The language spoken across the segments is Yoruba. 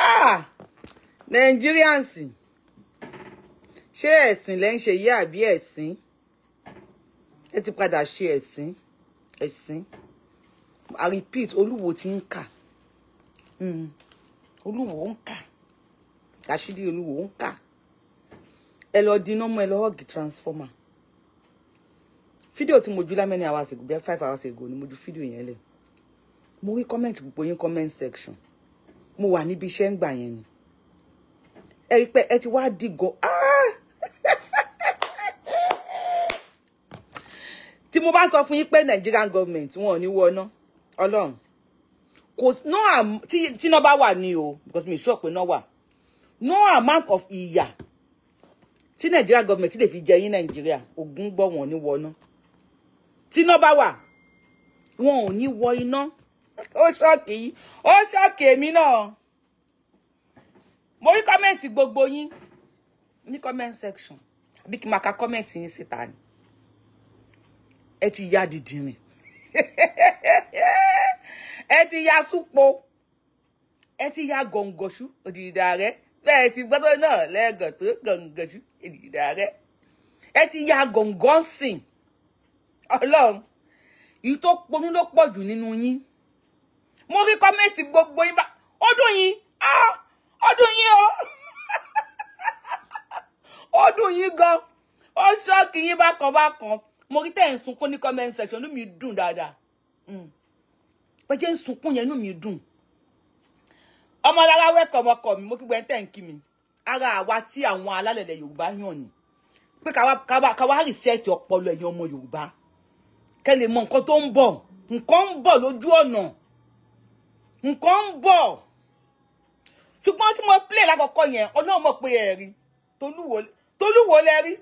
ah Nigerians ṣé ẹ̀sìn lẹ́ ń ṣe yí àbí ẹ̀sìn ẹ ti padà ṣe ẹ̀sìn ẹ̀sìn i repeat olúwo ti ń kà hmm. olúwo ń kà àṣírí olúwo ń kà ẹ lọ dinná mọ́ ẹ lọ hug transformer fídíò tí mo ju lámẹ́ni hours ago bẹ́ẹ̀ five hours ago ni mo ju fídíò yẹn lẹ̀ mo rí comment gbogbo yín comment section mo wà níbi iṣẹ́ ń gbà yẹn ni ẹ rí pé ẹ ti wá dìgàn ah! tí mo bá sọ fún yín pé Nigerian government wọn ò ní wọná Ọlọ́run kò no tí tí náà bá wà ní o because mi sọ pé náà wà no amount of ìyà tí Nigerian government lè fi jẹ yín Nàìjíríà ògún gbọ́ wọn ò ní wọná tí náà bá wà wọn ò ní wọ iná ó ṣọ́ọ̀kì yìí ó ṣọ́ọ̀kì èmi náà mo rí kọ́mẹ̀ntì gbogbo yín ní comment section àbí kí n máa ka kọ́mẹ̀ntì yín síta ni ẹ ti ya dìdìrìn ẹ ti ya súpo ẹ ti ya gọ̀ǹgọ̀ṣú òdìdà rẹ bẹ́ẹ̀ ti gbọ́dọ̀ náà lẹ́gàn tó gọ̀ǹgọ̀ṣú òdìdà rẹ ẹ ti ya gọ̀ǹgọ̀ǹsìn ọlọ́run èyí tó ponú ló pọ̀ jù nínú yín mo rí kọ́mẹ́ǹtì gbogbo yín bá ọdún yín ah, ọdún yín o ọdún yín gan ó ṣọ́ọ̀kì yín bákan bákan mo rí tẹ̀ ń sunkún ní comment section inú mi dùn dáadáa hmm. bẹ́ẹ̀ jẹ́ ń sunkún yẹn inú mi dùn ọmọ lára wẹ́kọ̀ ọmọkọ mi mo kí gbẹ́ ń tẹ̀ ń kí mi ara àwa tí àwọn alálẹ̀lẹ̀ Yorùbá yàn ni pé káwa rìsẹ́ẹ̀tì ọpọlọ ẹ̀yin ọmọ Yorùbá kẹ́ mọ nǹkan tó ń bọ̀ nǹkan ń bọ̀ lójú ọ̀nà. No nǹkan ń bọ̀ ṣùgbọ́n tí mo play lákọ̀ọ́kọ́ yẹn ọlọ́run mọ̀ pé ẹ̀ rí tolúwo lẹ rí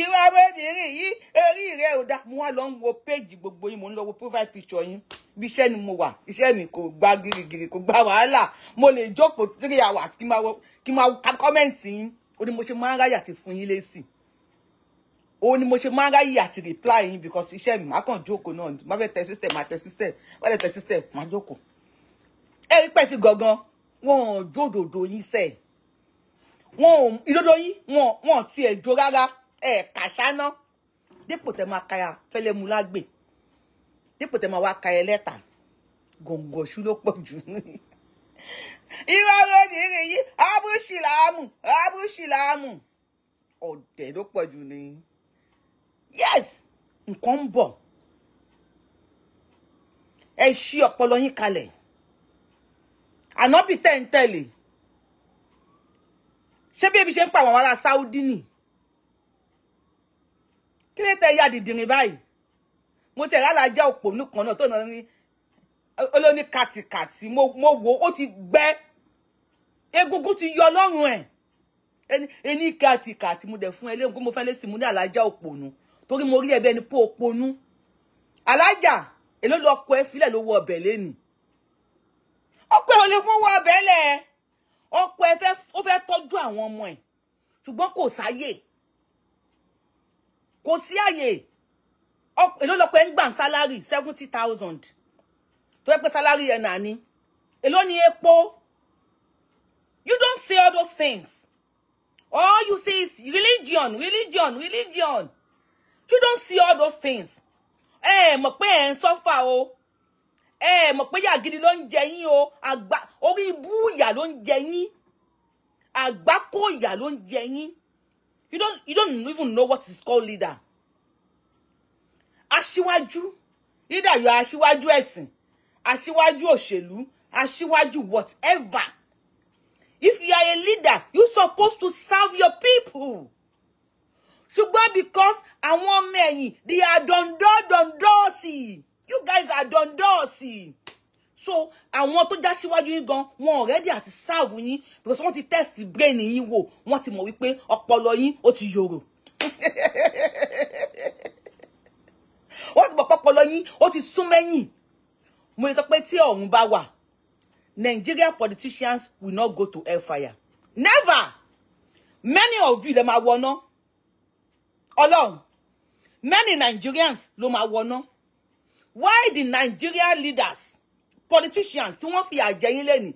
irú abẹ́bìnrin yìí eré rẹ̀ ò dá mo wá lọ ń wo péjì gbogbo yín mo ń lọ wo profile picture yín bí iṣẹ́ ni mo wà iṣẹ́ mi kò gba girigiri kò gba wàhálà mo lè jókòó three hours kí n máa kí n máa ka kọ́mẹ́ǹtì yín ó ní mo ṣe máa ń ráyè àti fún yín lésì ó ní mo ṣe máa ń ráyè àti reply yín because iṣẹ́ mi máa kàn jókòó náà má fẹ́ tẹ system má tẹ system má fẹ́ tẹ system má jókòó ẹ̀rí pẹ̀ ti gangan wọn ò jódòdò yín sẹ̀ wọn ò ìdodo yín wọn wọn ti ẹ̀ jó rárá ẹ̀ kàṣáná dípò tẹ máa kaya fẹlẹ́ mu lágbè dípò tẹ máa wá ka ẹ lẹ́tà gòǹgò ṣú ló pọ̀ jù irọ́ lóbìnrin yìí ábúṣìláàmù ábúṣìláàmù ọ̀dẹ̀ ló pọ̀ jù ni yes nǹkan ń bọ̀ ẹ ṣí ọpọlọ yín kalẹ̀ ànábì tẹ̀ ń tẹ̀lé ṣé bí ebi ṣe ń pa àwọn ará Saudi nì kí ló tẹ ya dìdìrín báyìí mo ti rálá jẹ́ òpó nìkan náà tó náà ní olóní kàtìkàtì mo wo ó ti gbẹ́ egungun ti yọ lọ́rùn ẹ̀ ẹni kàtìkàtì mo dẹ̀ fún ẹ léegun mo fẹ́ lé sí mo ní àlájá òpònú torí mo rí ẹbí ẹni pé òpònú alájà èló lọ kọ ẹ filẹ̀ ló wọ ọbẹ̀ lẹ́nìí ọkọ ẹ ò lè fún wa abẹ́lẹ̀ ọkọ ẹ ó fẹ́ tọ́jú àwọn ọmọ ẹ̀ ṣùgbọ́n kò sáyè kò sí àyè èló lọkọ ẹ ń gbà sálárì seventy thousand tó yẹ pé sálárì ẹ̀ nà ni èló ni epo you don't say all those things all you say is religion religion religion you don't see all those things ẹ mọ̀ pé ẹ̀ ń sọ́fà o ẹ mọ̀ pé yà gidi ló ń jẹ yín o àgbà orí ibú ìyà ló ń jẹ yín àgbákò ìyà ló ń jẹ yín you don't you don't even know what is called leader aṣíwájú leader yọ aṣíwájú ẹ̀sìn aṣíwájú òṣèlú aṣíwájú whatever if you are a leader you supposed to serve your people ṣùgbọ́n because àwọn ọmọ ẹ̀yìn they are dondo dondo sí i you guys are done, dundosy so àwọn tó já síwájú yín gan wọn already àti serve yín because wọ́n ti test brain yín wò wọ́n ti mọ̀ wípé ọpọlọ yín ó ti yòrò wọ́n ti mọ̀ pọpọlọ yín ó ti sún mẹ́yìn mo sọ pé tí ọ̀run bá wà Nigeria politicians will not go to air fire. never many of you lè máa wọná Ọlọ́run many Nigerians ló máa wọná why the Nigerian leaders politicians tí wọ́n fi àjẹ yín lẹ́nu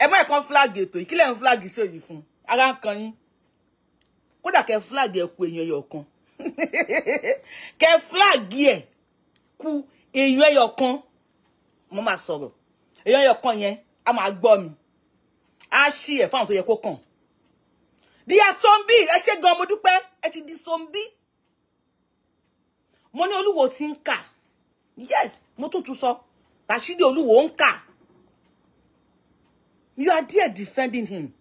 ẹ mọ́ ẹ̀kan flag ètò ìkílẹ̀ ń flag sóyè fún ara ń kan yín kódà kẹ flag ẹ ku èèyàn ẹyọ kan kẹ flag ẹ ku èèyàn ẹyọ kan mo máa sọ̀rọ̀ èèyàn ẹyọ kan yẹn a máa gbọ́ mi a ṣí ẹ̀ fáwọn tó yẹ kó kàn díyà sọ́ńbì ẹ ṣe gan mo dúpẹ́ ẹ ti di sọ́ńbì mo ní olúwo ti ń kà yes mo tún tún sọ Rashidi Olúwo ń you are there defending him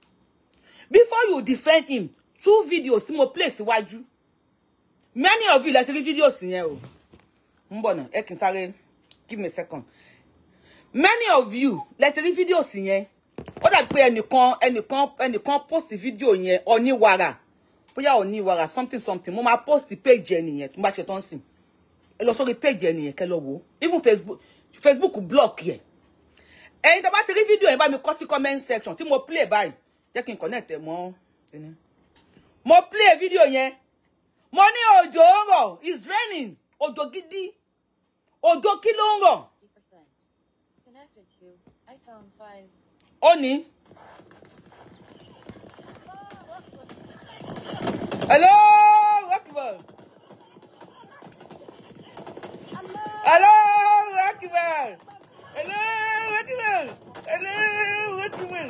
before you defend him two videos tí mo why síwájú many of you let's ti videos in here. ń bọ̀ náà ẹ kì í sáré give me a second many of you let's lè ti rí videos yẹn ó dàbí pé ẹnìkan ẹnìkan ẹnìkan post the video in here oni yẹn oníwàrà oni oníwàrà something something mo máa post page ẹ nìyẹn tó bá ṣe sim ẹ lọ sórí page ẹ nìyẹn kẹ́ lọ wò even facebook facebook block yẹ ẹ̀yin tó bá ti rí fídíò yẹn bá mi kọ sí comment section tí mo play báyìí jẹ́ kí n connect ẹ mọ́ ẹni mo play fídíò yẹn mo ní òjò ń rọ̀ it's raining òjò gidi òjò kí ló ń rọ̀ ó ní. hello Hello, Akbar. Hello, Akbar. Hello, Akbar.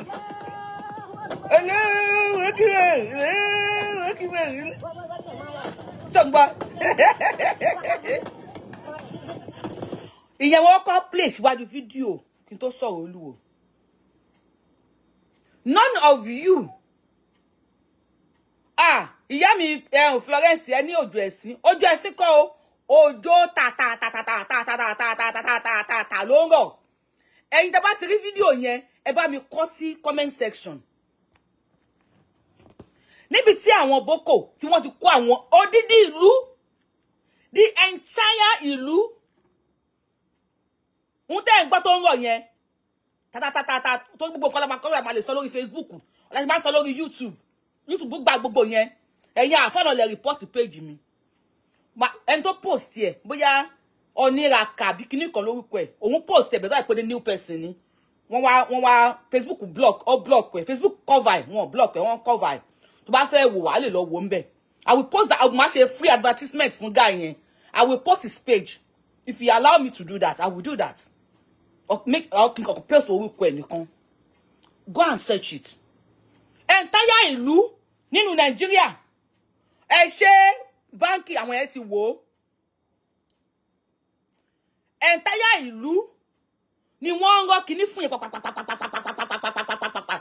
Hello, Akbar. Hello, Akbar. Sọ̀gbọ́n. Ìyẹn wọ́n kọ́ play síwájú fídíò kí n tó sọ̀rọ̀ None of you. Ah, ìyá mi eh, Florence ẹ ní òjò ẹ̀sìn. Òjò ẹ̀sìn kọ́ o ta ta ta ta ta ta ta ta ta ta ta ta ta ta ń rọ̀ ẹ̀yin tẹ́ bá ti rí video, yẹn ẹ bá mi kọ sí comment section níbi tí àwọn boko tí wọ́n ti kó àwọn odidi ìlú the entire ìlú ń tẹ́ ẹ̀ ń gbọ́ tó ta ta. yẹn tàtàtàtà tó gbogbo nǹkan lọ́mọ akọ́rọ̀ àmàlè sọ lórí facebook láti máa ń sọ lórí youtube youtube gba gbogbo yẹn ẹ̀yin àfọ̀nà lè rìpọ́ọ̀tì péjì mi ẹni tó post ẹ̀ bóyá oníraka àbí kíní kan lórúkọ ẹ̀ òun post ẹ̀ bẹ́ẹ̀ pé ní new person ni wọ́n wá wọ́n wá Facebook block ó block ẹ̀ Facebook cover ẹ̀ block ẹ̀ wọ́n cover ẹ̀ tó bá fẹ́ wò wá lè lọ wò ń bẹ̀ I will post that I will ma ṣe free advertisement fún guy yẹn I will post his page if he allow me to do that I will do that or make or kí n post orúkọ ẹ̀ nìkan go and search it entire ìlú nínú Nigeria. ẹ ṣe báńkì àwọn yẹn ti wò ó ẹ̀ńtáyà ìlú ni wọ́n ń rọ́ kinní fún yẹn pàpàpàpàpàpàpàpàpàpàpàpàpà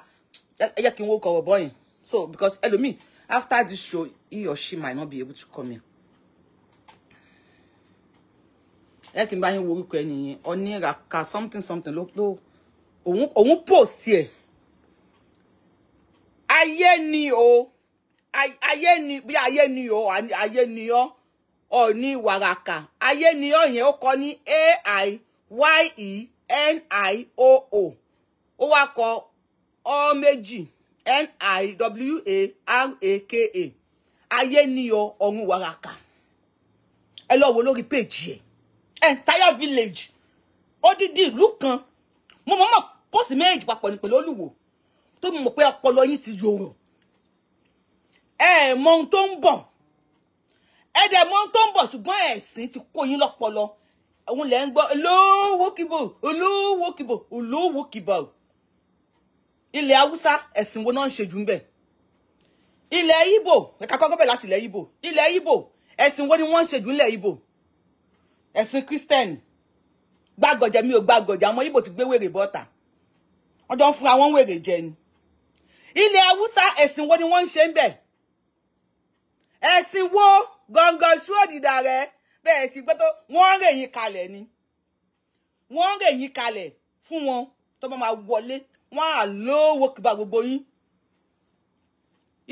ẹ jẹ́ kí n wo kọ̀ ọ̀bọ̀ yìí so because ẹlòmíì after this show he or she might not be able to come here. ẹ kì í bá yín wo orúkọ ẹni yẹn oníraka something something ló ló òun òun post ẹ ayé ni o. Oh ayé ni bí ayé ni o ayé ni ọ ọ̀ní wàràkà ayé ni ọ yẹn ó kọ ní a-i-y-e-n-i-o-o ó wá kọ ọ méjì n-i-w-a-r-a-k-a ayé ni ọ ọ̀run wàràkà ẹ lọ wo lórí péjì ẹ entire village odidi ìlú kan mo mọ̀ mọ̀ pósì méjì papọ̀ ní pẹ̀lú olùwò tó mọ̀ pé ọpọlọ yín ti yòrò ẹ mọ ohun tó ń bọ̀ ẹ dẹ̀ mọ ohun tó ń bọ̀ ṣùgbọ́n ẹ̀sìn ti kó yín lọ́pọlọ òun lẹ́ ń gbọ́ olówó kìbò olówó kìbò olówó kìbò ilẹ̀ haúsá ẹ̀sìn wo náà ń ṣe jù ń bẹ̀ ilẹ̀ ibo ẹ̀ka kọ́kọ́ bẹ̀ láti ilẹ̀ ibo ilẹ̀ ibo ẹ̀sìn wo ni wọ́n ń ṣe jù ńlẹ̀ ibo ẹ̀sìn kristẹni gbàgọ̀jẹ mi ò gbàgọ̀jẹ àwọn ibo ti gbé wèrè bọ́ta wọ́n jọ ń fún àwọn wèrè jẹ ni ilẹ̀ haúsá ẹ̀sìn wo ni wọ́n ń ṣe ń bẹ̀ ẹ̀sìn wo gangan ṣú òdìdà rẹ bẹ́ẹ̀ sì gbọ́ tó wọ́n rè yín kalẹ̀ ni wọ́n rè yín kalẹ̀ fún wọn tó bá máa wọlé wọ́n á lówó kíba gbogbo yín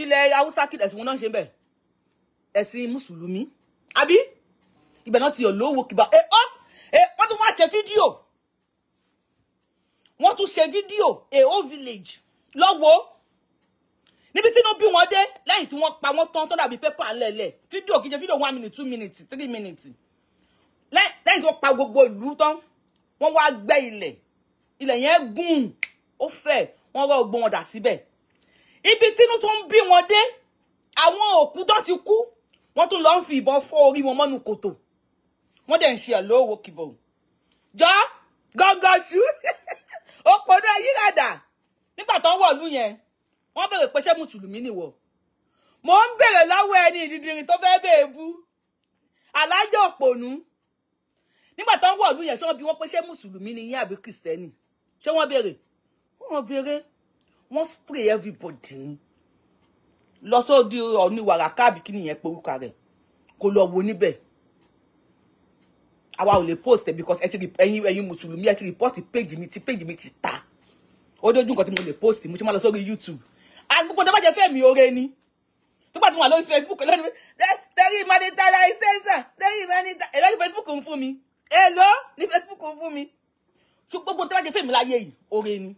ilẹ̀ haúsá kí ẹ̀sìn wọn náà ṣe bẹ̀ ẹ̀sìn mùsùlùmí àbí ibẹ̀ náà ti yọ̀ lówó kíba ẹ ọ́ ẹ wọ́n tún wá ṣe fídíò wọ́n tún ṣe fídíò èho village lọ́wọ́ níbi tí inú bí wọn dé lẹ́yìn tí wọ́n pa wọ́n tán tó dàbí pépà lẹ̀lẹ̀ fídíò kìí ṣe fídíò one minute two minute three minute lẹ́yìn tí wọ́n pa gbogbo ìlú tán wọ́n wá gbẹ́ ilẹ̀ ilẹ̀ yẹn gùn ó fẹ̀ wọ́n wá gbọ́n wọn dà síbẹ̀ ibi tínú tó ń bí wọn dé àwọn òkú tó ti kú wọ́n tún lọ ń fi ìbọn fọ́ orí wọn mọ́nú kòtò wọ́n dẹ̀ ń ṣe ẹ̀ lówó kìbọ̀ jọ gángan ṣú ó pọnú ayírádà nígbà tó ń wọ̀lú yẹn wọ́n bèrè pé ṣé mùsùlùmí nìwọ mò ń bèrè lọ́wọ́ ẹni ìdìdìrì tó fẹ́ bèè bú alájọ òpònú nígbà tó ń wọ ọdún yẹn ṣé wọ́n bi wọ́n pé ṣé mùsùlùmí ni yín àbí kìrìsìtẹ́nì ṣé wọ́n bèrè wọ́n bèrè wọ́n spray everybody ni lọ sóde ọ̀nì wàrà káàbì kí nìyẹn porúkà rẹ̀ kó lọ wo níbẹ̀ àwa ò lè post ẹ̀ because ẹ̀yin ẹ̀yin mùsùlùmí ẹ ti report page mi ti page mi ti ta ó dójú nǹkan tí mo lè post mo ti máa lọ sórí YouTube gbogbo tó bá ṣe fẹ́mi oore ni tó bá ti wà lórí facebook lónìí tẹ́rí monetization tẹ́rí monetization èló ní facebook ń fún mi èló ní facebook ń fún mi ṣùgbọ́n gbogbo tó bá ṣe fẹ́mi láyé yìí oore ni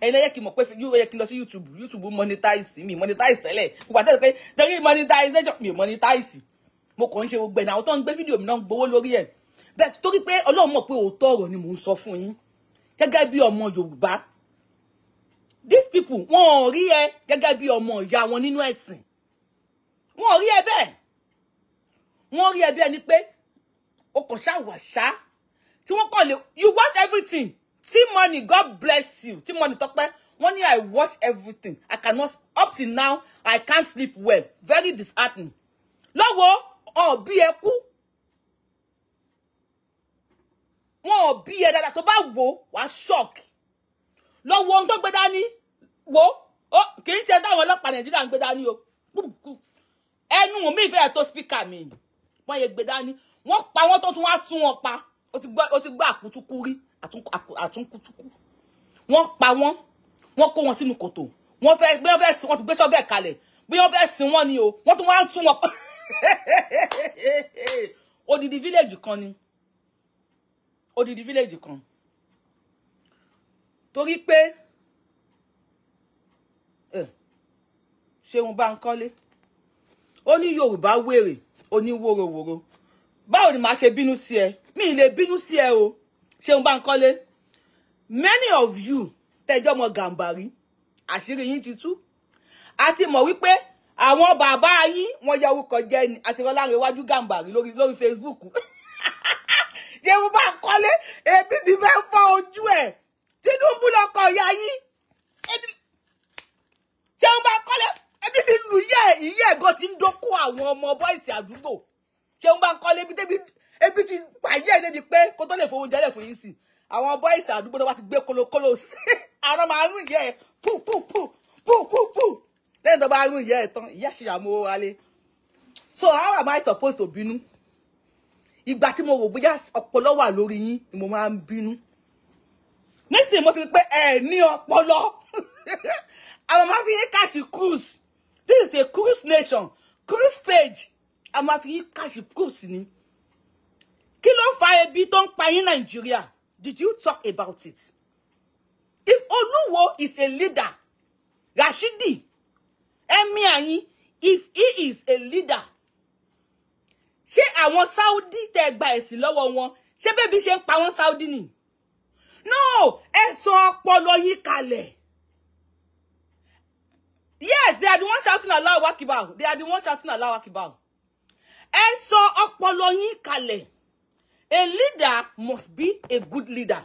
ẹ̀yin lẹ́yẹ kí n mọ̀ pé yóò yẹ kí n lọ sí youtube youtube monetize mi monetize tẹ́lẹ̀ gbogbo àtẹ́sẹ̀ pé tẹ́rí monetization mi monetize mo kàn ń ṣe gbogbo ẹ̀nà àwọn tó ń gbé fídíò mi náà these people wọn ò rí ẹ gẹ́gẹ́ bí ọmọ ìyá wọn nínú ẹ̀sìn wọn ò rí ẹ bẹ́ẹ̀ wọn rí ẹ bí ẹni pé o kàn ṣá wà ṣá tí wọ́n kàn lè you watch everything tí money God bless you tí money tọpẹ́ wọ́n ní I watch everything I cannot up till now I can't sleep well very disheartening lọ́wọ́ ọ̀bí ẹ kú wọn ò bí ẹ dáadáa tó bá wò wá shock lọ́wọ́ ohun tó gbé dání wo ó kì í ṣe táwọn ọlọ́pàá nàìjíríà ń gbé dání o ẹnu mi ìfẹ́ tó spíkà mi wọ́n yẹ gbé dání wọ́n pa wọ́n tó tún wá tún wọn pa ó ti gbọ́ àkútúkú rí àtúnkútúkú wọ́n pa wọ́n wọ́n kó wọn sínú kòtò wọ́n fẹ́ bí wọ́n fẹ́ sin wọ́n ti gbé ṣọ́gẹ̀ kalẹ̀ bí wọ́n fẹ́ sin wọ́n ni o wọ́n tún wá tún wọn pa odidi village kan ni odidi village kan torí pé. Ṣeun Báńkọ́lé ó ní Yorùbá wèrè oníwòròwòro báwo ni màá ṣe bínú sí ẹ mi lè bínú sí ẹ o Ṣeun Báńkọ́lé many of you tẹjọ́ mọ Gàǹbàrí àṣírí yín ti tú àti mọ̀ wípé àwọn bàbá yín wọ́n yá orúkọ jẹ́ ni àti Ọlánrewájú Gàǹbàrí lórí lórí Facebook Ṣeun Báńkọ́lé ebi ti fẹ́ fọ́ ojú ẹ̀ Tinubu lọkọ ìyá yín Ṣeun Báńkọ́lé ebi ti lu iye iye ẹ̀gọ́ ti ń dókó àwọn ọmọ bọ́ìsì àdúgbò ṣé ń bá ń kọ́lé ebi tẹ́bi ebi ti pàyẹ́ ẹ̀ lédi pé kó tó lè fowó jẹ́lẹ̀ fún yín sí àwọn bọ́ìsì àdúgbò tó bá ti gbé kolokolo sí àwọn máa ń rún ìyẹ́ ẹ̀ pù pù pù pù pù pù lẹ́yìn tó bá rún ìyẹ́ ẹ̀ tán ìyá ṣe àmọ́ alẹ́ so how am I supposed to bínú ìgbà tí mo wò bóyá ọpọlọ wà lórí yín ni mo máa ń bínú nísìnyí mo ti rí pé ẹ ní ọpọlọ àwọn máa fi yín kàṣì cruise this is a cruise nation cruise page a máa fi yín káàṣì cruise ni kí ló fa ebi tó ń pa yín nàìjíríà did you talk about it if olúwo is a leader rashidi ẹmí àyín if he is a leader ṣé àwọn saudi tẹ gba ẹ̀sìn lọ́wọ́ wọn ṣé bébí ṣe ń pa wọn saudi ni no ẹ sọ ọpọlọ yín kalẹ̀ yes they are the ones shouting Allahu Akbar they are the ones shouting Allahu Akbar ẹ sọ ọpọlọ yín a leader must be a good leader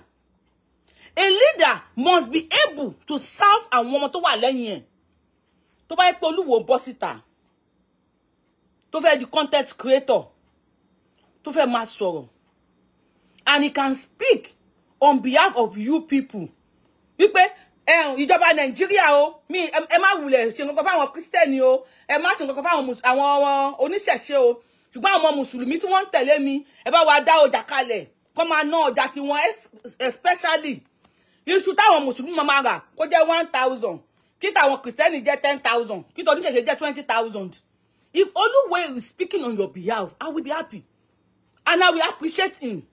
a leader must be able to serve and ọmọ to wà To ẹ̀ tó bá yẹ pé olúwo bọ́ content creator to be a sọ̀rọ̀ and he can speak on behalf of you people wípé ìjọba nàìjíríà o mi ẹ má wulẹ̀ ṣe nǹkan kan fáwọn kristẹni o ẹ má ṣe nǹkan kan fáwọn àwọn oníṣẹ̀ṣe o ṣùgbọ́n àwọn mùsùlùmí tí wọ́n ń tẹ̀lé mi ẹ bá wa dá ọjà kalẹ̀ kó máa ná ọjà tiwọn especially iṣu táwọn mùsùlùmí máa rà kó jẹ́ one thousand kí táwọn kristẹni jẹ́ ten thousand kí tọ́ oníṣẹ̀ṣe jẹ́ twenty thousand if Oluwa is speaking on your behalf I will be happy and I will appreciate him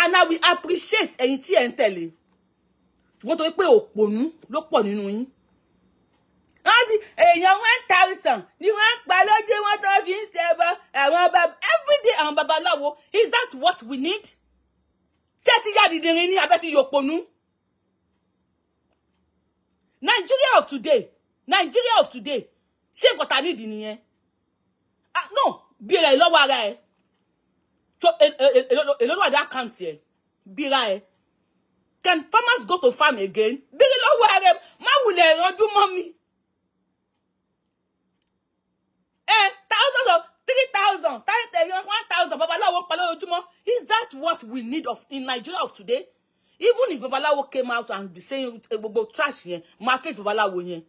and I will appreciate ẹ̀yin tí ẹ̀ ń tẹ̀lé ṣùgbọ́n torí pé òpònú ló pọ̀ nínú yín wọ́n ti èèyàn one thousand ni wọ́n pa lójú wọn tó fi ń ṣe ẹbọ àwọn bàbá everyday àwọn babaláwo is that what we need ṣé ti yá dìdìrín ní abẹ́ ti yòpònú Nigeria of today Nigeria of today ṣé nǹkan ta nídìí nìyẹn ah no bíra ẹ lọ́wọ́ ara ẹ èlò ló wà dá àkáǹtì ẹ bíra ẹ Can farmers go to farm again? Béèrè them? Man will wulẹ̀ rọ́jú mọ́ mi. Eh, thousands of three thousand thousand one thousand Baba babaláwo pa lójoojúmọ́. Is that what we need of in Nigeria of today? Even if Baba babaláwo came out and be saying eh, gbogbo trash yẹn, my face Baba babaláwo yẹn.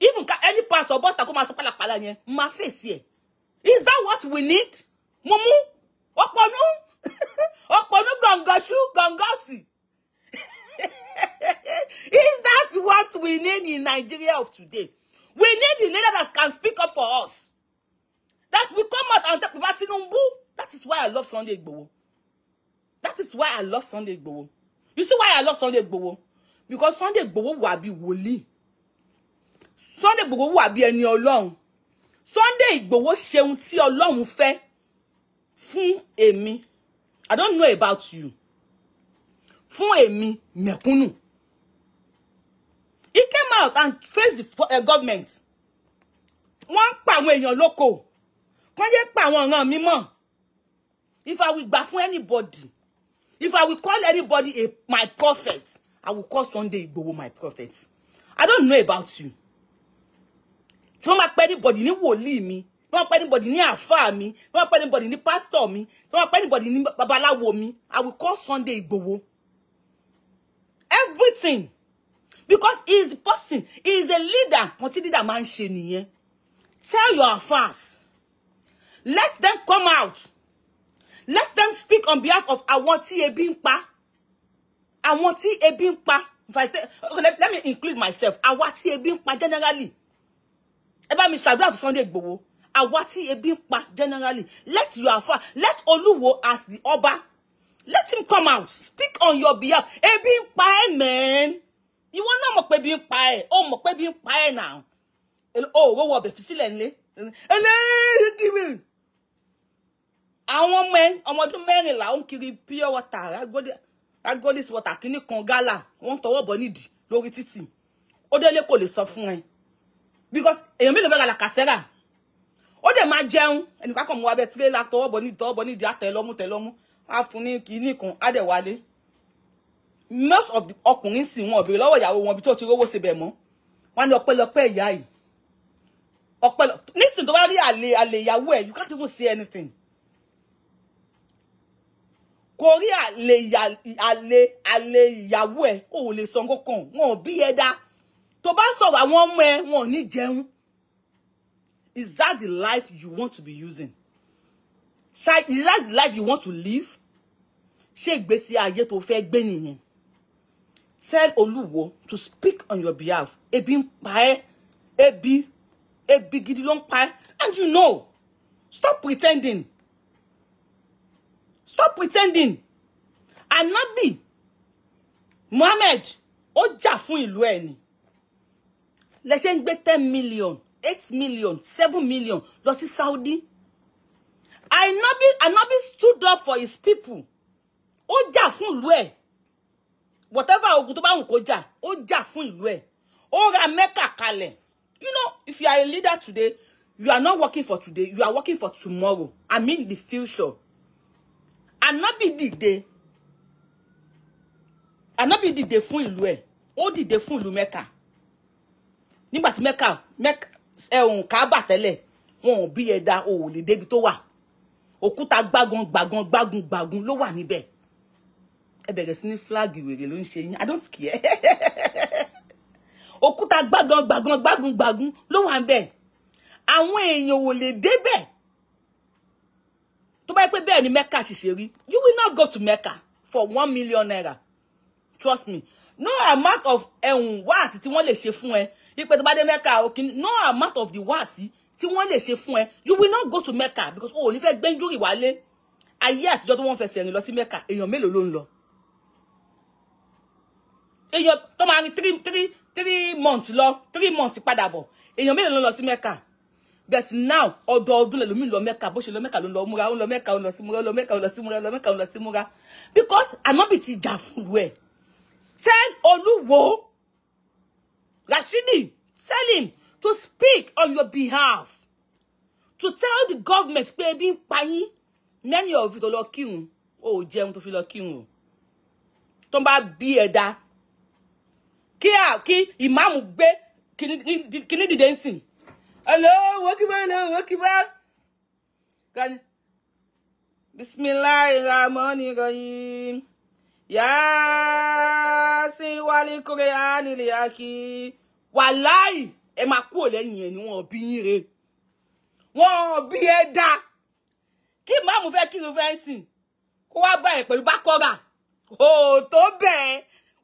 Even any pastor buster kó máa sọ pálapàla yẹn, my face yẹn. Is that what we need? Mumu, ọ̀pọ̀nú, ọ̀pọ̀nú gàngàṣú gàngàṣì. Is that what we need in Nigeria of today? We need a leader that can speak up for us. That we come out and talk about Tinubu. That is why I love Sunday Igbo. That is why I love Sunday Igbo. You see why I love Sunday Igbo? Because Sunday Igbo wà bí wòlíì. Sunday Igboho wà bí ẹni Ọlọ́run. Sunday Igboho ṣeun tí Ọlọ́run fẹ́ fún èmi. I don't know about you fún èmi mẹ̀kúnnù he came out and faced the uh, government wọ́n ń pa àwọn èèyàn lóko wọ́n yé pa àwọn ọ̀ràn mi mọ́ if I will gbà fún anybody if I will call anybody a my prophet I will call Sunday Igboho my prophet I don't know about you tí wọ́n máa pẹ́ anybody ní wòlíì mi tí wọ́n pẹ́ anybody ní àáfàá mi tí wọ́n pẹ́ anybody ní pásítọ̀ mi tí wọ́n pẹ́ anybody ní babaláwo mi I will call Sunday Igboho everything because he is a person he is a leader Continue that man máa ń tell your affairs let them come out let them speak on behalf of àwọn tí ebi ń if i say okay, let, let me include myself àwa tí generally ẹ mi ṣàdúrà fún Sunday Igboho àwa tí ebi generally let your affairs let Olúwo as the ọba let him come out speak on your behalf ebi ń pa ẹ́ mẹ́ẹ́n ìwọ náà mọ̀ pé ebi ń pa ẹ́ ó mọ̀ pé ebi ń pa ẹ́ náà ó rówó ọbẹ̀ fi sílẹ̀ nílé eléyìí kiri àwọn ọmọ ẹ ọmọ ọdún mẹ́rìnlá ó ń kiri pure water ragolis water kìíní kan gálà wọ́n ń tọwọ́ bọ̀ nídìí lórí títì ó délé kò lè sọ fún ẹ because èèyàn mélòó fẹ́ ra làkàṣẹ́rà ó dẹ̀ máa jẹun ẹnìkan kàn mú abẹ tirẹ́là tọwọ́ bọ̀ nídìí tọwọ́ bọ̀ nídìí àtẹ̀lọ́mú tẹ̀lọ́mú á fún ní kinní kan á dẹ̀ wálé most of the ọkùnrin sì wọn òbèrè lọ́wọ́ ìyàwó wọn bí tó ti rówó ṣe bẹ̀ mọ́ wọn ní ọpẹ́lọpẹ́ ìyá yìí ọpẹ́lọ nísìnyí tó bá rí àlè àlè ìyàwó ẹ̀ you can't even say anything kò rí àlè àlè àlè ìyàwó ẹ̀ ò lè sọ kankan wọn ò bí ẹ dá tó bá sọ̀rọ̀ àwọn ọmọ ẹ wọn is that the life you want to be using? ṣá is that the life you want to live ṣé ìgbésí ayé tó fẹ́ gbé nìyẹn tell olúwo to speak on your behalf ebi ń pa ẹ́ ebi ebi gidi ló ń pa ẹ́ and you know stop pretending stop pretending anabi Muhammad ó jà fún ìlú ẹ̀ ni lẹ ṣe ń gbé ten million eight million seven million lọ sí Saudi Ànábì Ànábì stood up for his people ó jà fún ìlú ẹ̀ whatever ogun tó ba wù kó jà ó jà fún ìlú ẹ̀ ó ra Mẹ́kà kalẹ̀ you know if you are a leader today you are not working for today you are working for tomorrow I mean the future Ànábì dìde Ànábì dìde fún ìlú ẹ̀ ó dìde fún ìlú Mẹ́kà nígbà tí Mẹ́kà Mẹ́kà ẹ̀hún eh, kábà tẹ́lẹ̀ wọn ò bí ẹ̀dá òòlì débi tó wa òkúta gbágan gbàgan gbágun gbàgun ló wà níbẹ̀ ẹ bẹ̀rẹ̀ sí ní fúláàgì wèrè ló ń ṣe yín i don't care òkúta gbágan gbàgan gbágun gbàgun ló wà níbẹ̀ àwọn èèyàn ò lè débẹ̀ tó bá yẹ pé bẹ́ẹ̀ ni mecca ṣiṣẹ́ rí you will not go to mecca for one million naira trust me no amount of ẹ̀hún wáàsí tí wọ́n lè ṣe fún ẹ ipe tó bá dé mecca no amount of the wáàsí tí wọ́n lè ṣe fún ẹ you will not go to Mecca because o ò ní fẹ́ gbé injury wálé ayé to tó wọ́n fẹsẹ̀ rìn lọ Mecca èèyàn mélòó ló ń lọ èèyàn tó máa ní three three three months lọ three months padà bọ̀ èèyàn mélòó ló ń lọ sí Mecca but now ọdọọdún lẹ́lómi lọ Mecca bó ṣe Mecca ló ń lọ Mecca, ó ń lọ Mecca ó ń lọ sí múra ó ń Mecca ó ń lọ sí múra ó ń lọ Mecca ó ń lọ sí múra because ànábì ti jà fún ìlú ẹ̀ tell Olúwo Rashidi tell him to speak on your behalf to tell the government pé ebi ń pa yín many of you tó lọ kírun ó jẹun tó fi lọ kírun o tó ń bá bí ẹ̀dá kí à kí ìmáàmù gbé kíní dìde ń sìn hello wókìbá hello wókìbá gani bisimilahi rahmani rahim yaasi wali kure anili aki wàláì ẹ máa kúrò lẹ́yìn ẹ̀ ni wọ́n bí yín re wọ́n bí ẹ dá kí máàmù fẹ́ kí irun fẹ́ sìn kó wá bá ẹ̀ pẹ̀lú bákọ́rà ò tó bẹ́ẹ̀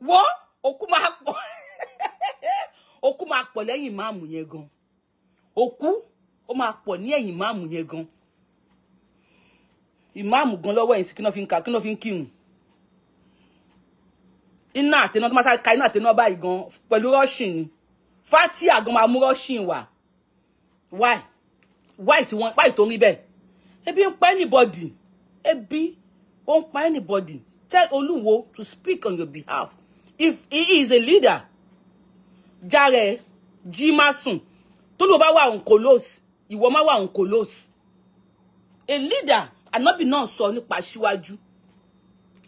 wọ́ òkú máa pọ̀ òkú máa pọ̀ lẹ́yìn máàmù yẹn gan òkú ó máa pọ̀ ní ẹ̀yìn máàmù yẹn gan ìmáàmù gan lọ́wọ́ ẹ̀yìn sí kí náà fi ń ka kí náà fi ń kírun iná àtẹná tó máa sáré ka iná àtẹná báyìí gan pẹ̀lú rọ́ọ̀ṣì ni fatia gan máa mú rushing wá why why tí wọ́n why tó ń rí bẹ́ẹ̀ ebi ń pa anybody ebi ó ń pa anybody tell Oluwo to speak on your behalf if he is a leader Jare, jàre jí má sùn tolu bá wà onkolos ìwọ má wà onkolos a leader Ànábì náà sọ nípa síwájú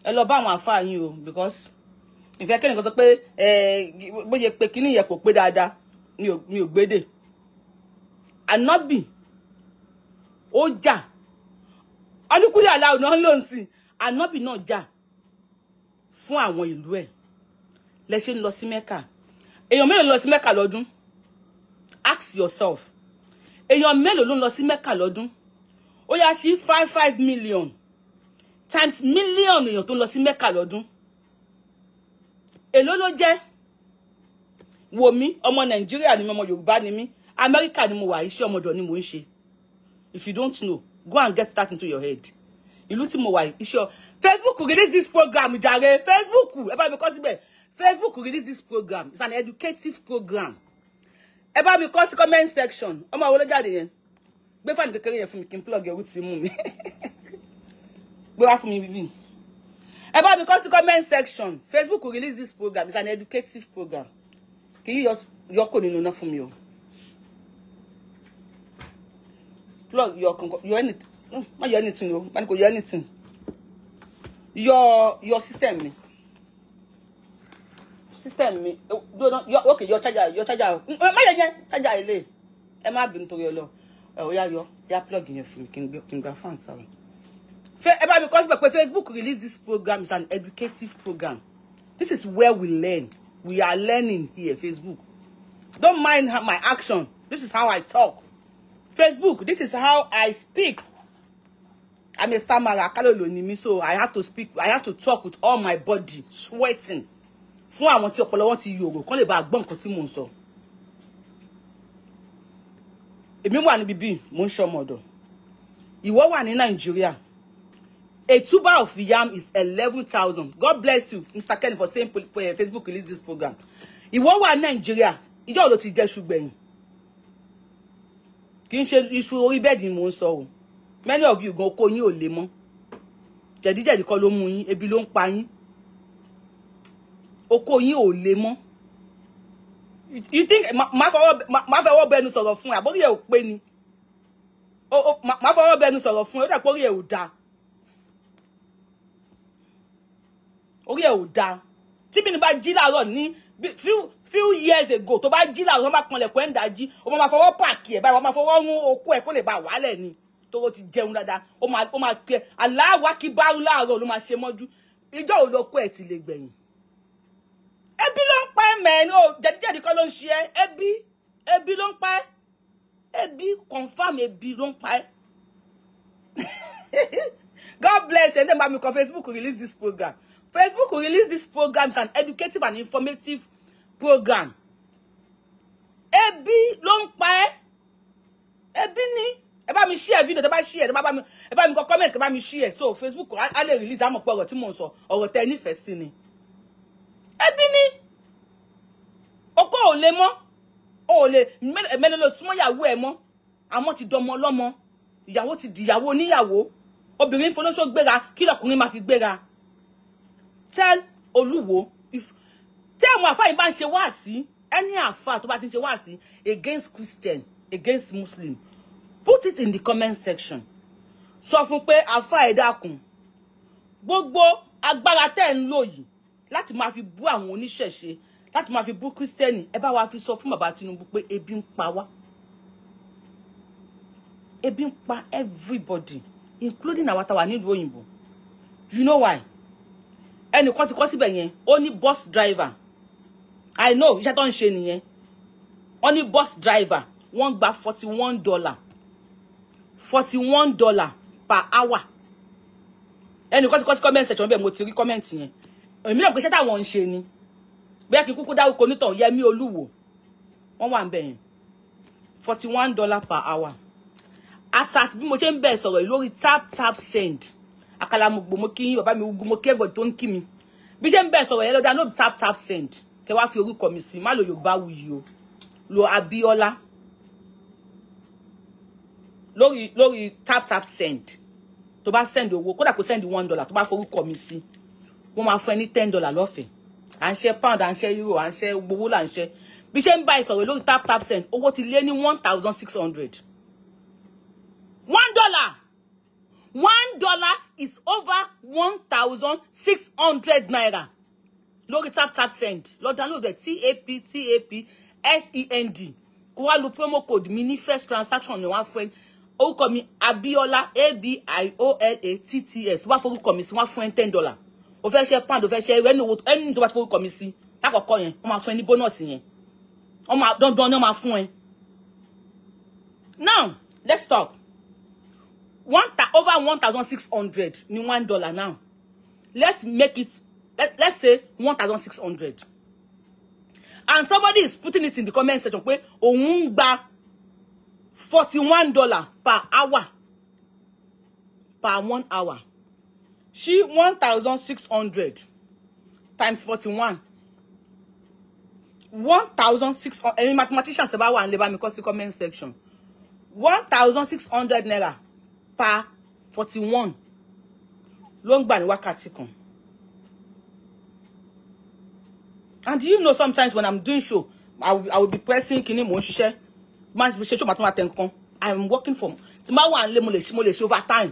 ẹ lọ bá àwọn àfáà yín o because ìfẹ́ kẹ́nìkan sọ pé bó ṣe pé kíní yẹ kò pé dáadáa mi ò gbédè ànábì ó jà ọdúnkúlẹ̀ aláwọ̀ náà ló ń sìn ànábì náà jà fún àwọn ìlú ẹ̀ lẹ́ṣẹ̀ ń lọ sí mẹ́kà èèyàn mélòó ló lọ sí mẹ́kà lọ́dún ask yourself èèyàn mélòó ló ń lọ sí mẹ́kà lọ́dún ó yá sí five five million times million èèyàn tó ń lọ sí mẹ́kà lọ́dún èló ló jẹ́ wò mí ọmọ nàìjíríà ni mi ọmọ yorùbá ni mí amẹ́ríkà ni mo wà iṣẹ́ ọmọdọ̀ ni mo ń ṣe if you don't know go and get that into your head ìlú tí mo wà iṣẹ́ facebook release this program jàre facebook ẹ bá mi kọ síbẹ̀ facebook release this program it's an educative program ẹ bá mi kọ sí comment section ọmọ àwọn olójáde yẹn gbé fàánù kékeré yẹn fún mi kí n plug ẹrú tí mú mi gbé wá fún mi bíbí. About because mi kọ sí comment section facebook will release this program it's an educative program kì í yọkò nínú náà fún mi o plug your your anything hmm, má yọ anything o oh. má ní kò anything your your system me. system me. mi oh, yọ okay your charger your charger o hmm, eh, má yẹ yẹn charger ilé ẹ má bínú torí oh? lọ ẹ ó yá yọ yá plug yẹn fún mi kí n gbà fáǹsà rẹ ẹ bá Facebook release this program is an educative program this is where we learn we are learning here Facebook don't mind my action this is how I talk Facebook this is how I speak I'm a stammerer kálòlò ni so I have to speak I have to talk with all my body sweating fún àwọn tí ọpọlọ wọn ti yòrò kán lè bá gbọ́ nǹkan tí mò ń sọ èmi wà níbi bíi mò ń A tuber of yam is 11,000. God bless you, Mr. Kenny, for saying for eh, Facebook release this program. If wà Nàìjíríà, ìjọ́ wo ló ti jẹ iṣu be Kì í ṣe iṣu orí bẹ́ẹ̀dì ni mò ń sọ Many of you go oko yín ò lè mọ́. Jẹ̀díjẹ̀dí kọ́ ló mú yín, ebi ló ń pa yín. Oko yín ò lè mọ́. You think máa fọwọ́ bẹnu sọ̀rọ̀ fún ẹ, àbórí ẹ̀ ò pé ni. Máa fọwọ́ bẹnu sọ̀rọ̀ fún ẹ, ó dà pé orí ẹ̀ ò dáa. orí ẹ̀ ò dáa tí bíní bá jí láàárọ̀ ní few few years ago tó bá jí láàárọ̀ wọ́n bá kanlẹ̀ kó ẹ̀ ń dájí ó máa fọwọ́ pààkì ẹ̀ báyìí wọ́n máa fọwọ́ rún okú ẹ̀ kó lè ba wàhálẹ̀ ni tó o ti jẹun dáadáa ó máa ó máa kẹ aláwa kí bárú láàárọ̀ ló máa ṣe mọ́jú ìjọ ò lọ kó ẹ̀ ti lè gbẹ̀yìn. ebi ló ń pa ẹ́ mẹ́rin o jẹ̀díjẹ̀dí kọ́ ló ń ṣe ẹ́ ebi ebi ló ń pa ẹ́ ebi confam ebi ló ń pa ẹ́. God bless ẹ̀ ǹdẹ́ bá Facebook release this program. Facebook will release this program. It's an educative and informative program. Ebi long ń pa ẹ́. Ebi ni. Ẹ mi share video, tẹ́ share, tẹ́ bá mi ẹ mi kọ comment, kẹ́ mi share. So Facebook will lè release àmọ̀ pé ọ̀rọ̀ tí mò ń sọ, ọ̀rọ̀ tẹ́ nífẹ̀ẹ́ sí ni. Ebi ni. Ọkọ ò lè mọ́. O ò lè mẹ́lẹ́ lọ súnmọ́ ìyàwó ẹ̀ mọ́. Àmọ́ ti dọmọ ọlọ́mọ. Ìyàwó ti dìyàwó oníyàwó. Obìnrin fọlọ́sọ gbéra kí lọkùnrin máa fi gbéra tell Olúwo if tell àwọn àfáà yìí bá ń ṣe any àfáà to bá ti ń ṣe wáàsí against Christian against Muslim put it in the comment section sọ fún pé àfáà ẹ dákun gbogbo agbára tẹ́ ń lò yìí láti máa fi bú àwọn oníṣẹ̀ṣe láti máa fi bú Kristẹni ẹ bá wa fi so fún bàbá Tinubu pé ebi ń pa ebi ń everybody including àwa tá wà you know why ẹnìkan ti kọ́ síbẹ̀ yẹn ó ní bus driver i know iṣẹ́ tó ń ṣe nìyẹn wọ́n ní bus driver wọ́n gba forty one dollar forty one dollar per hour ẹnìkan ti kọ́ sí comment section bẹ́ẹ̀ mo ti rí comment yẹn èmi náà pé iṣẹ́ táwọn ń ṣe ni bóyá kí n kúkú dáwọ́ konítàn Yẹmí Olúwo wọ́n wà ń bẹ̀ yẹn forty one dollar per hour asat bí mo ṣe ń bẹ̀ sọ̀rọ̀ lórí tap tap send. Akala mo gbò mo kí yín mi ugu mo kí everybody tó ń mi Bi ṣe ń bẹ̀ sọ̀rọ̀ yẹn lọ́dọ̀ i no tap tap send kẹ wá fi orúkọ mi sí má lo yorùbá wuyì o lo abiola lórí lórí tap tap send tó bá send owó kódà ko send one dollar tó bá forúkọ mi sí wọ́n máa fún ẹ ní ten dollar lo fe. ń ṣe pound à ń ṣe euro à ń ṣe gbowó là ń ṣe bí ṣe ń bá ìsọ̀rọ̀ tap tap send Owo ti lé ní one thousand six hundred one dollar one dollar is over one thousand six hundred naira lórí tap tap send lọ download rẹ tap tap send kó wá lo promo code Mini first transaction ni wọ́n friend. fún ẹ orúkọ mi Abiola abiolats wá forúkọ mi sí wọ́n á fún ẹ ten dollar o fẹ́ ṣe pound o fẹ́ ṣe ẹni owó ẹni tó bá forúkọ mi sí lákọ̀ọ́kọ́ yẹn wọ́n máa fún ẹ ní bónọ́ọ̀sì yẹn wọ́n máa dandan ni wọ́n máa fún ẹ now let's talk one over one thousand six hundred ní one dollar now let's make it let, let's say one thousand six hundred and somebody is putting it in the comment section pé òun gba forty one dollar per hour per one hour she one thousand six hundred times forty one one thousand six hundred ẹni mathematicians tẹ́ bá wà mi kọ comment section one thousand six hundred naira pa forty one ló ń gbà ní kan and you know sometimes when i'm doing show i will, I will be pressing kini mo ń ṣiṣẹ́ máa ṣe ṣó máa tun máa tẹ nǹkan i'm working for. tí máa wà nílé mo le si mo lè ṣe overtime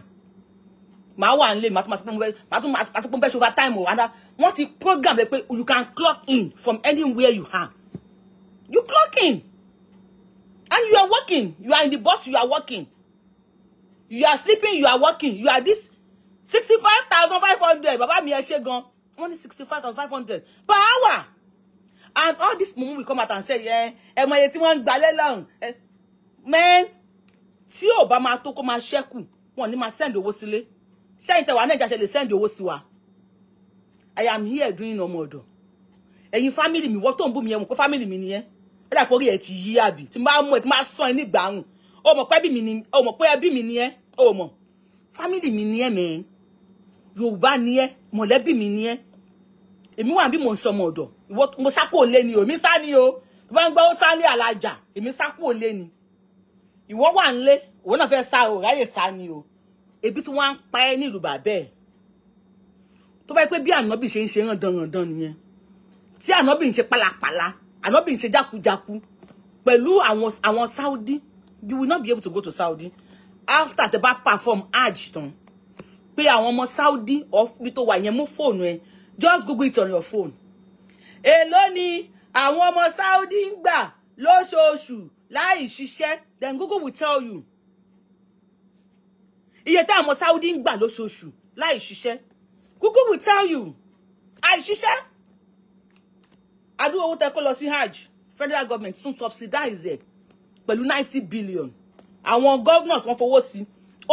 máa wà nílé máa tún máa tún máa tún máa tún bẹ́ẹ̀ ṣe overtime o and uh, wọ́n ti program rẹ pé you can clock in from anywhere you are you clock in and you are working you are in the bus you are working you are sleeping you are working you are this sixty five thousand five hundred bàbá mi ẹ ṣe gan wọ́n ní sixty five thousand five hundred per hour and all this mumu we come out and say yeah ẹ mọ iye tí wọ́n ń gbalẹ lọhùn eh, men tí ò bá ma tó kó máa ṣẹ́kù wọ́n ní máa send owó sílé ṣẹ́yìn tẹwàá náà ìjàṣẹ lè send owó sí wa i am here doing ọmọ ọ̀dọ̀ ẹ̀yin family mi wọ́n tó ń mi yẹn mo family mi nìyẹn ó dà pé orí ẹ̀ ti yí àbí tí mo bá mú ẹ tí mo o mọ̀ pé ẹbí mi ni o mọ̀ pé ẹbí mi ni ẹ́ o mọ̀ fámìlì mi ni ẹ́ mẹ́rin yorùbá ni ẹ́ mọ̀lẹ́bí mi ni ẹ́ èmi wà bí mo ń sọmọ ọ̀dọ̀ mo sákò lé ni o èmi sá ni o tó bá ń gbọ́ ó sá ní alájà èmi sákò lé ni ìwọ wà ń lé òun náà fẹ́ sá o ráyè sá ni o ebi tí wọ́n á ń pa ẹ́ nílùú bàbá ẹ̀ tó bá yẹ pé bí ànábì ṣe ń ṣe ràn dandan nìyẹn tí ànábì ń ṣe pálapàla ànábì ń ṣe jákujáku pẹ̀lú Saudi you will not be able to go to Saudi after the bá perform hajj tán pé àwọn ọmọ Saudi ọ̀fi tó wà yẹn mú fóònù ẹ just google it on your phone èló ni àwọn ọmọ Saudi ń gbà lóṣooṣù láì ṣiṣẹ́ then google will tell you iye táwọn ọmọ Saudi ń gbà lóṣooṣù láì ṣiṣẹ́ google will tell you àìṣiṣẹ́ àdúgbò owó tẹ kó lọ sí hajj federal government soon subsidize it pẹ̀lú ninety billion àwọn governors wọ́n fowó sí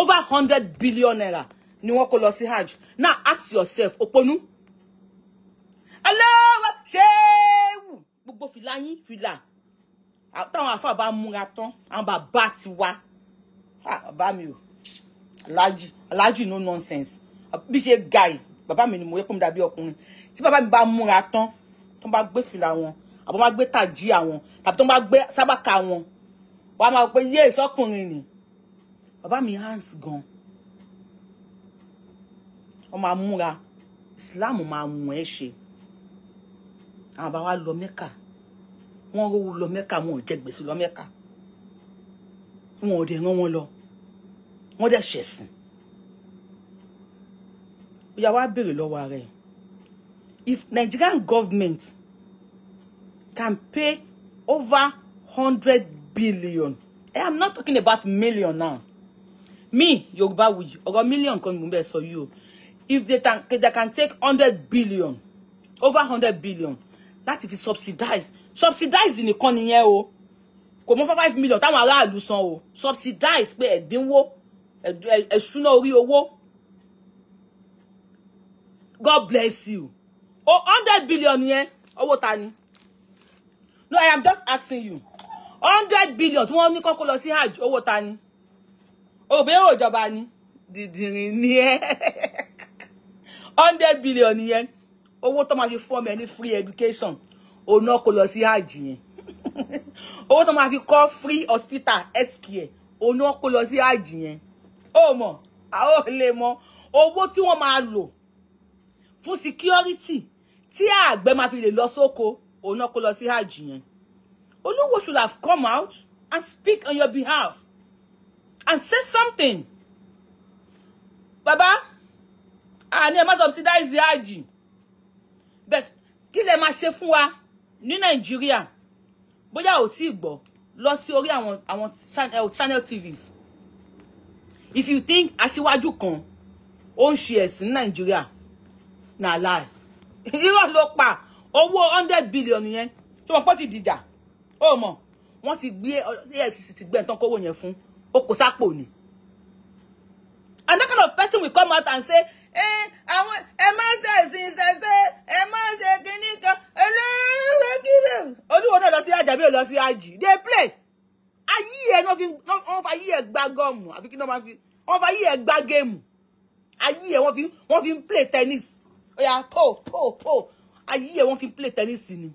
over hundred billion naira ni wọ́n kó lọ sí hajj now ask yourself òpònú aláwa ṣéwù gbogbo fìlà yín fìlà táwọn àfáà bá múra tán àwọn bàbá ti wá bàbá mi o aláàjì aláàjì no nonsense bí ṣe guy bàbá mi ni mo yẹ kó mi dàbí ọkùnrin tí bàbá mi bá múra tán tó bá gbé fìlà wọn àbọ̀ bá gbé tàjí àwọn tàbí tó bá gbé sábàkà wọn wàá máa pe yé ìsọkùnrin ni bàbá mi hands gone, ọ máa múra islam máa mú ẹ ṣe àwọn bàbá lọ mẹ́kà wọ́n rówó lọ mẹ́kà wọn ò jẹ gbèsè lọ mẹ́kà wọn ò dẹ̀ rán wọn lọ wọ́n dẹ̀ ṣẹ̀sìn ó yá wá béèrè lọ́wọ́ ara ẹ̀ if Nigerian government can pay over hundred billion eh, i am not talking about million now me Yorubawuyi ọ̀rọ̀ million kan mo bẹ sọ yìí if they can, they can take hundred billion over hundred billion láti fi subsidize subsidize nìkan nìyẹn o kò over five million táwọn aráàlú san o subsidize pé ẹ̀dínwó a orí owó God bless you oh, hundred billion yẹn owó ta ni no I am just asking you hundred billion tí wọ́n ní kọ́kọ́ lọ sí hajj owó ta ni òbí èrò ni dìdìrín ni ẹ hundred billion yẹn owó tó máa fi fún ọmọ ẹ ní free education òun náà kó lọ sí hajj yẹn owó tó máa fi kọ́ free hospital health care òun náà kó lọ sí hajj yẹn ó mọ̀ a ó lè mọ owó tí wọ́n máa lò fún security tí àgbẹ̀ máa fi lè lọ sóko òun náà kó lọ sí hajj yẹn. Oluwo should have come out and speak on your behalf and say something. Baba, I ní ẹ má subsidize But kile lẹ máa ṣe wa ni Nigeria. Boya ò tí ì gbọ́ lọ sí orí àwọn channel TVs. If you think aṣíwájú kan ó ń ṣe ẹ̀sìn Nàìjíríà, na lie. Irọ́ ló pa owó hundred billion yen tí wọ́n pọ́ ti dìjà ó mọ̀ wọ́n ti gbé EFCC ti gbé ẹ̀ńtán kówó yẹn fún ó kò sápò ni and that kind of person will come out and say eh, àwọn ẹ má ṣe ẹ̀sìn ṣẹṣẹ ẹ má ṣe kínní kan ẹlẹ́wẹ́ kílẹ̀ olúwo náà lọ sí ajá bí ó lọ sí ajì they play ayé ẹ náà fi wọ́n fa ayé ẹ gbá gọ́ọ̀mù àbí kí náà máa fi wọ́n fa ayé ẹ gbá géèmù ayé ẹ wọ́n fi wọ́n fi ń play tennis ó yá po po po ayé ẹ wọ́n fi ń play tennis ni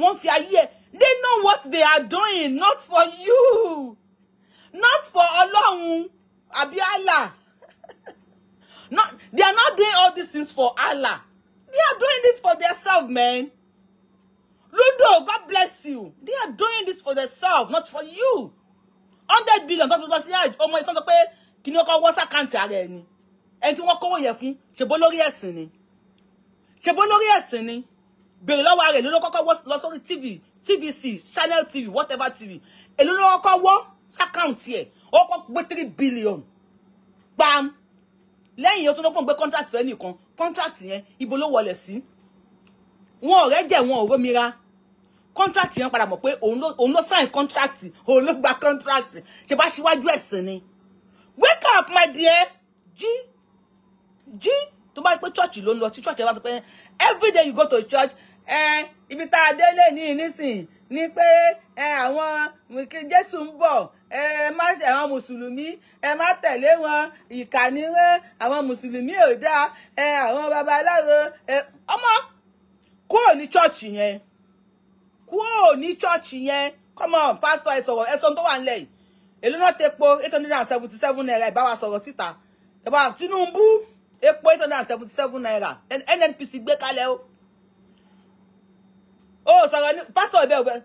wọ́n fi ayé ẹ. They know what they are doing, not for you, not for Allah, àbí Allah. Not, they are not doing all these things for Allah. They are doing this for themselves, man. Ludo, God bless you. They are doing this for themselves, not for you. 100 billion, God bless you. Ọmọ ìkan sọ pé kí ni ọkọ̀ WhatsApp àkáǹtì again. And Ẹni tí wọ́n kówó yẹ fún, ṣèbó lórí ẹ̀sìn ni. Ṣèbó lórí ẹ̀sìn ni. Bèrè lọ́wọ́ rẹ̀ ló ló kọ́kọ́ lọ sórí TV TVC Channel TV whatever TV Elu èló ló kọ́kọ́ wọ́ ṣàkáǹtì ẹ̀ ó kọ́ gbé three billion gbam lẹ́yìn tó lọ́gbọ̀n gbé contract fẹ́ nìkan contract yẹn ibo ló wọlé sí wọn ò rẹ́jẹ̀ wọn ò rómira contract yẹn padà mọ̀ pé òun ló sign contract òun ló gba contract ṣe bá ṣíwájú ẹ̀sìn ni wake up my dear G. G. To bá pé church ló ń lọ church yẹn bá sọ pé every day you go to church ẹ ibi tá a dé lè ní nísìn ni pé ẹ àwọn jésù ń bọ̀ ẹ má ṣe àwọn mùsùlùmí ẹ má tẹ̀lé wọn ìkà ni wọ́n àwọn mùsùlùmí ò dáa ẹ àwọn babaláwo ẹ ọmọ kúrò ní chọ́ọ̀chì yẹn kúrò ní chọ́ọ̀chì yẹn come on pásítọ̀ ẹ sọ̀rọ̀ ẹ sọ tó wà nílẹ̀ yìí èló náà ti epo eight hundred and seventy seven naira ìbáwa sọ̀rọ̀ síta ìbáwa Tinubu epo eight hundred and seventy seven naira NNPC gbé kalẹ̀ o ó sọ̀rọ̀ ní pásítọ̀ ọ̀bẹ ọ̀gbẹ́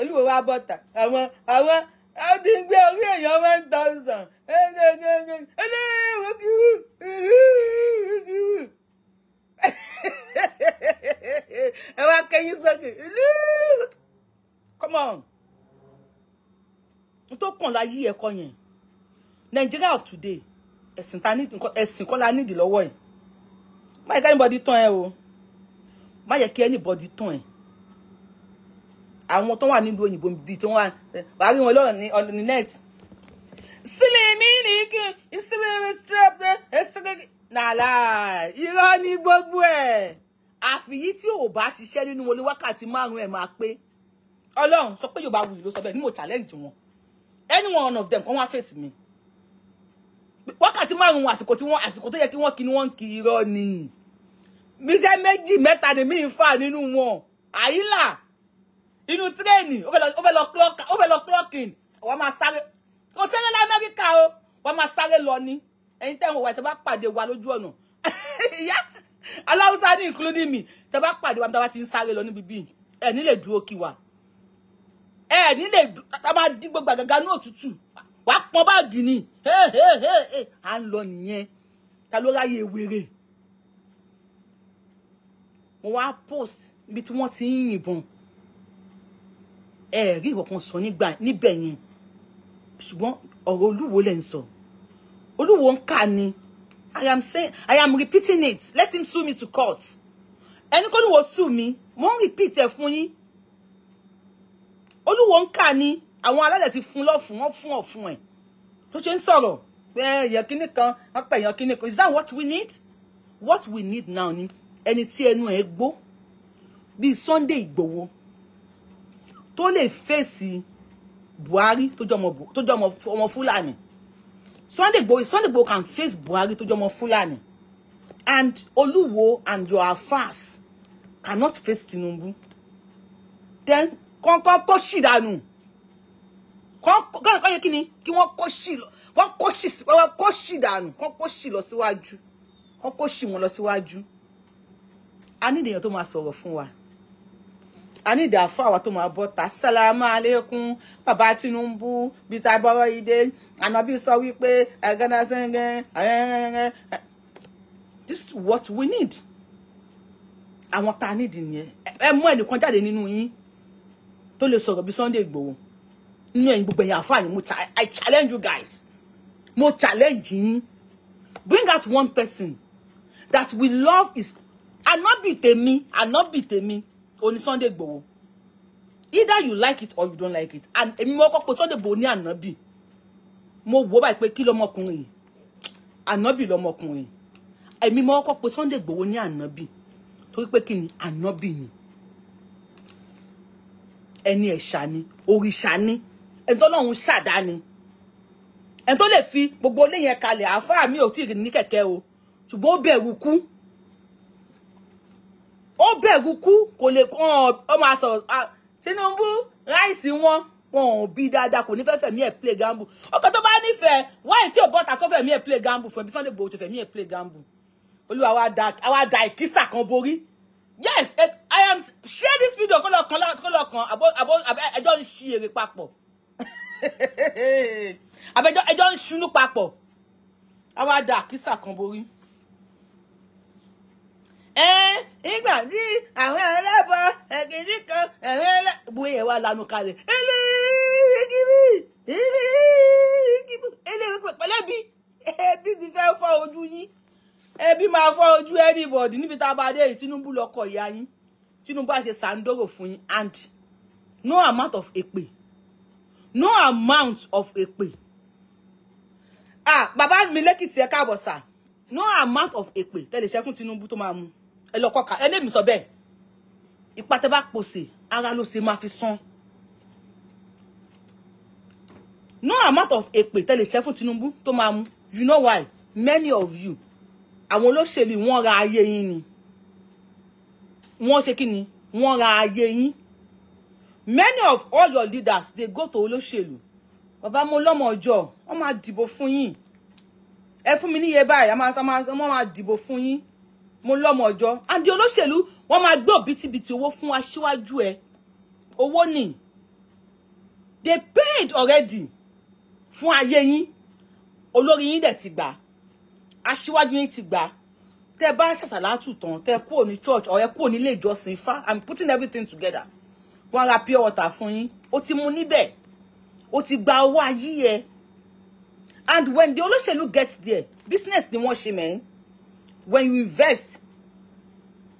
olúwo wa bọ̀tà àwọn àwọn a ti ń gbé orí èèyàn one thousand ẹ wá kẹyìn sókè come on n tó kàn láyé ẹ̀kọ́ yẹn Nigeria of today ẹ̀sìn ta ní ẹ̀sìn kọ́ la nídìí lọ́wọ́ ẹ̀ má yẹ kí anybody tán ẹ o má yẹ kí anybody tán ẹ àwọn tó wà nílùú òyìnbó bíi tó wà wà rí wọn lọ́rọ̀ ní ọ̀nà net. sílẹ̀mí ni kí n sílẹ̀mí strep ẹ̀sìnkì nàlá irọ́ ní gbogbo ẹ̀. àfìyí tí ò bá ṣiṣẹ́ nínú wọn ní wákàtí márùn-ún ẹ̀ máa pé ọlọ́run sọ pé yorùbá wuyì ló sọ bẹ́ẹ̀ ni mo challenge wọn any one of them wọ́n wá face mi wákàtí márùn-ún àsìkò tí wọ́n àsìkò tó yẹ kí wọ́n kí ni wọ́n kí irọ́ ni iṣẹ́ méjì mẹ́ta ni mí ń fà nínú wọn àyílà inú tírẹ́ẹ̀nì ó fẹ́ lọ clock in wọ́n máa sáré kò sẹ́lẹ̀ lamẹ́ríkà o wọ́n máa sáré lọ ni ẹ̀yin tẹ́ ń wà tẹ́ bá pàdé wa lójú ọ̀nà ìyá aláwùsá ní including me tẹ́ bá pàdé wa tẹ́ bá ti ń sáré lọ níbi bíi ẹ̀ nílè dúró kí wa ẹ̀ nílè tá a máa dí gbogbo àgàgà ní òtútù wàá pọn báàgì ni à ń lọ nìyẹn ta ló ráyè wèrè mo wá post ibi tí wọ́n ti ń yìnbọn ẹ rí ìkọ̀kan sọ nígbà níbẹ̀ yẹn ṣùgbọ́n ọ̀rọ̀ olúwo lẹ̀ ń sọ olúwo ń kà ni i am saying i am repeating it let him sue me to court ẹni kó olúwo sue mi mo ń repeat ẹ̀ fún yín olúwo ń kà ni àwọn alálẹ̀ ti fún lọ́fun wọn fún ọ̀fun ẹ̀ tó ṣe ń sọ̀rọ̀ pé èèyàn kínní kan apẹ̀ èèyàn kínní kan is that what we need what we need now ni ẹni tí ẹnu ẹ̀ gbó bíi Sunday Ìgbòho tó lè fèsì Buhari tó jẹ́ ọmọ Fúlàní Sunday Igboho Sunday Igboho can face Buhari tó jẹ́ ọmọ Fúlàní and Olúwo and your affairs cannot face Tinubu then kọ́ńkọ́ kó ṣì dànù kọ́ńkọ́ kọ́ yẹ kí ni kí wọ́n kó ṣì lọ wọ́n kó ṣì wọ́n kó ṣì dànù kọ́ kó ṣì lọ síwájú wọ́n kó ṣì wọ́n lọ síwájú a nídìí èèyàn tó máa sọ̀rọ̀ fún wa a ní fún àwọn tó máa bọ́ ta sálámà lẹ́kún bàbá Tinubu bíi ta ìdè ànábì sọ wípé ẹ̀gẹ́dẹ́sẹ̀ngẹ́ ẹ̀ẹ́rẹ́rẹ́ this is what we need àwọn tá a nídìí nìyẹn ẹ mú ẹnìkan jáde nínú yín tó lè sọ̀rọ̀ bíi Sunday Igboho nínú ẹ̀yin gbogbo ẹ̀yin àfáàní mo I challenge you guys mo challenge yín bring out one person that we love is ànábì tèmi ànábì tèmi oní Sunday Igboho either you like it or you don't like it and èmi mo kọ́kọ́ Sunday Igboho ní ànábì mo wò báyìí pé kí lọmọkùnrin yìí ànábì lọmọkùnrin èmi mo kọ́kọ́ Sunday Igboho ní ànábì torí pé kí ni ànábì ni ẹni ẹ̀ṣà ni òrìṣà ni ẹni tó lọ́hún ṣàdá ni ẹni tó lè fi gbogbo oníyẹn kalẹ̀ àáfàá mi ò tí ì ní kẹ̀kẹ́ o ṣùgbọ́n ó bẹ̀rù kú ó bẹ̀rù kú kò lè ọ máa sọ Tinubu ráìsì wọn wọn ò bí dáadáa kò ní fẹ́ fẹ̀mí ẹ̀ play gamble ọkọ̀ tó bá Why wáyé tí ò bọ́ta kó fẹ̀mí ẹ̀ play gamble fún ẹbí Sunday Igboho tó fẹ̀mí ẹ̀ play gamble olúwa wa da ìkísà kan borí yes eh, i am share this video kó lọ kan kó lọ kan ẹjọ́ ń ṣí èrè papọ̀ àbẹ̀jọ́ ẹjọ́ ń ṣunú papọ̀ a wá da àkísà kan borí nígbà tí àwọn ẹlẹ́bọ ẹ̀kìtì kan ẹ̀rẹ́ ẹlẹ́ bóyá wa lanu kalẹ̀ eléyìíkìbí eléyìíkìbí eléyìí pẹ̀lẹ́bí ẹbí ti fẹ́ fọ́ ojú yín ẹbí máa fọ́ ojú anybody níbi tá a bá dé yìí Tinubu lọkọ̀ ìyá yín Tinubu á ṣe sàǹdóró fún yín and no amount of èpè no amount of èpè ah bàbá mi lẹ́kìtì ẹ̀ káàbọ̀ sà no amount of èpè tẹ̀lé iṣẹ́ fún Tinubu tó máa mú ẹ lọ kọ́ka ẹ lẹ́mìí sọ bẹ́ẹ̀ ipa tẹ bá pòsè ara ló ṣe máa fi san no amount of èpè tẹ lè ṣẹ́ fún Tinubu tó máa mú you know why many of you àwọn olóṣèlú wọ́n ra ayé yín ni wọ́n ṣe kí ni wọ́n ra ayé yín many of all your leaders dey go to olóṣèlú bàbá mo lọ́mọ ọjọ́ wọ́n máa dìbò fún yín ẹ fún mi níye báyìí wọ́n máa dìbò fún yín mo lọ́mọ ọjọ́ and olóṣèlú wọ́n máa gbé òbítíbitì owó fún aṣíwájú ẹ owó ni they paid already fún ayé yín olórí yín dẹ̀ ti gbà aṣíwájú yín ti gbà tẹ bá ṣàṣàlátù tán tẹ kúrò ní church ọ̀rẹ́ kúrò nílé ìjọsìn ifá i'm putting everything together wọ́n ra pure water fún yín ó ti mu níbẹ̀ ó ti gba owó ayé yẹ and when the olóṣèlú gets there business ni wọ́n ṣe mẹ́rin when you invest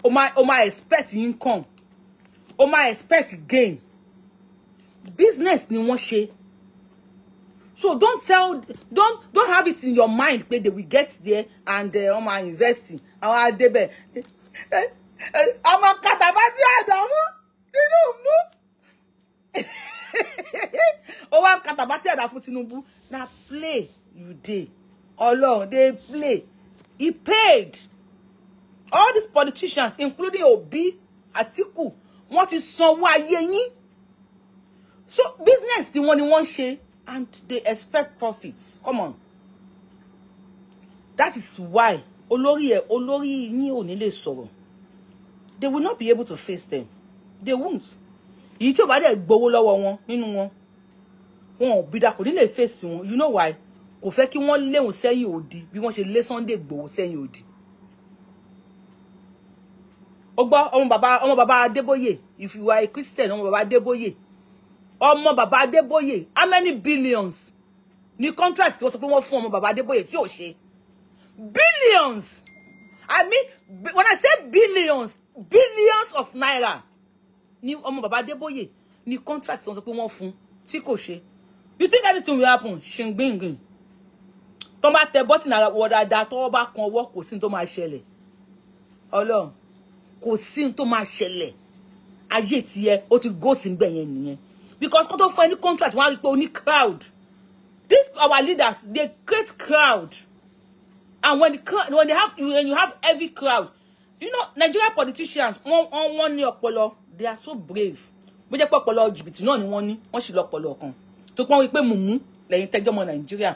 o my, o my, expect income o my, expect gain business ni wọ́n ṣe so don't tell don't don't have it in your mind pé they will get there and my, eh, investing. wọ́n uh, ma invest àwọn adébẹ̀ eh, eh, ọmọ kàtàbátì àdàmú Tinubu ó wá kàtàbátì àdàfún Tinubu na play you dey Ọlọ́run dey play He paid. All these politicians, including Obi, Atiku, what is sanwó ayé So business the one ní wọ́n ṣe and they expect profits. Come on. That is why olórí Olori ni onile ò They will not be able to face them. They won't. You tí ò bá dẹ̀ gbowó lọ́wọ́ wọn face wọn. You know why? kò fẹ́ kí wọ́n léhùn sẹ́yìn òdì bí wọ́n ṣe lé Sunday Igboho sẹ́yìn òdì ó gbọ́ ọmọ bàbá ọmọ bàbá Adébóyè if you are a Christian ọmọ bàbá Adébóyè ọmọ bàbá Adébóyè how many billions ni contract tí wọ́n sọ pé wọ́n fún ọmọ bàbá Adébóyè tí ò ṣe billions I mean when I say billions billions of naira ni ọmọ bàbá Adébóyè ni contract tí wọ́n sọ pé wọ́n fún tí kò ṣe you think anything will happen ṣingbingin tó bá tẹ bọ́tì náà wọ dáadáa tọ́wọ́ bá kan ọwọ́ kò sí ní tó máa ṣẹlẹ̀ ọlọ́run kò sí ní tó máa ṣẹlẹ̀ ayé tiẹ̀ ó ti gò sí níbẹ̀ nìyẹn because kó tó fún ẹ contract wọ́n á rí i pé o ní crowd these our leaders they create crowd and when the when they have when you have heavy crowd you know Nigerian politicians wọ́n wọ́n wọ́n ní ọpọlọ they are so brave bó jẹ́ pé ọpọlọ jìbìtì náà ni wọ́n ní wọ́n sì lọ ọpọlọ kan tó pọ́n wípé mùmú lẹ́yìn tẹ́jọ́ ọmọ Nàìjíríà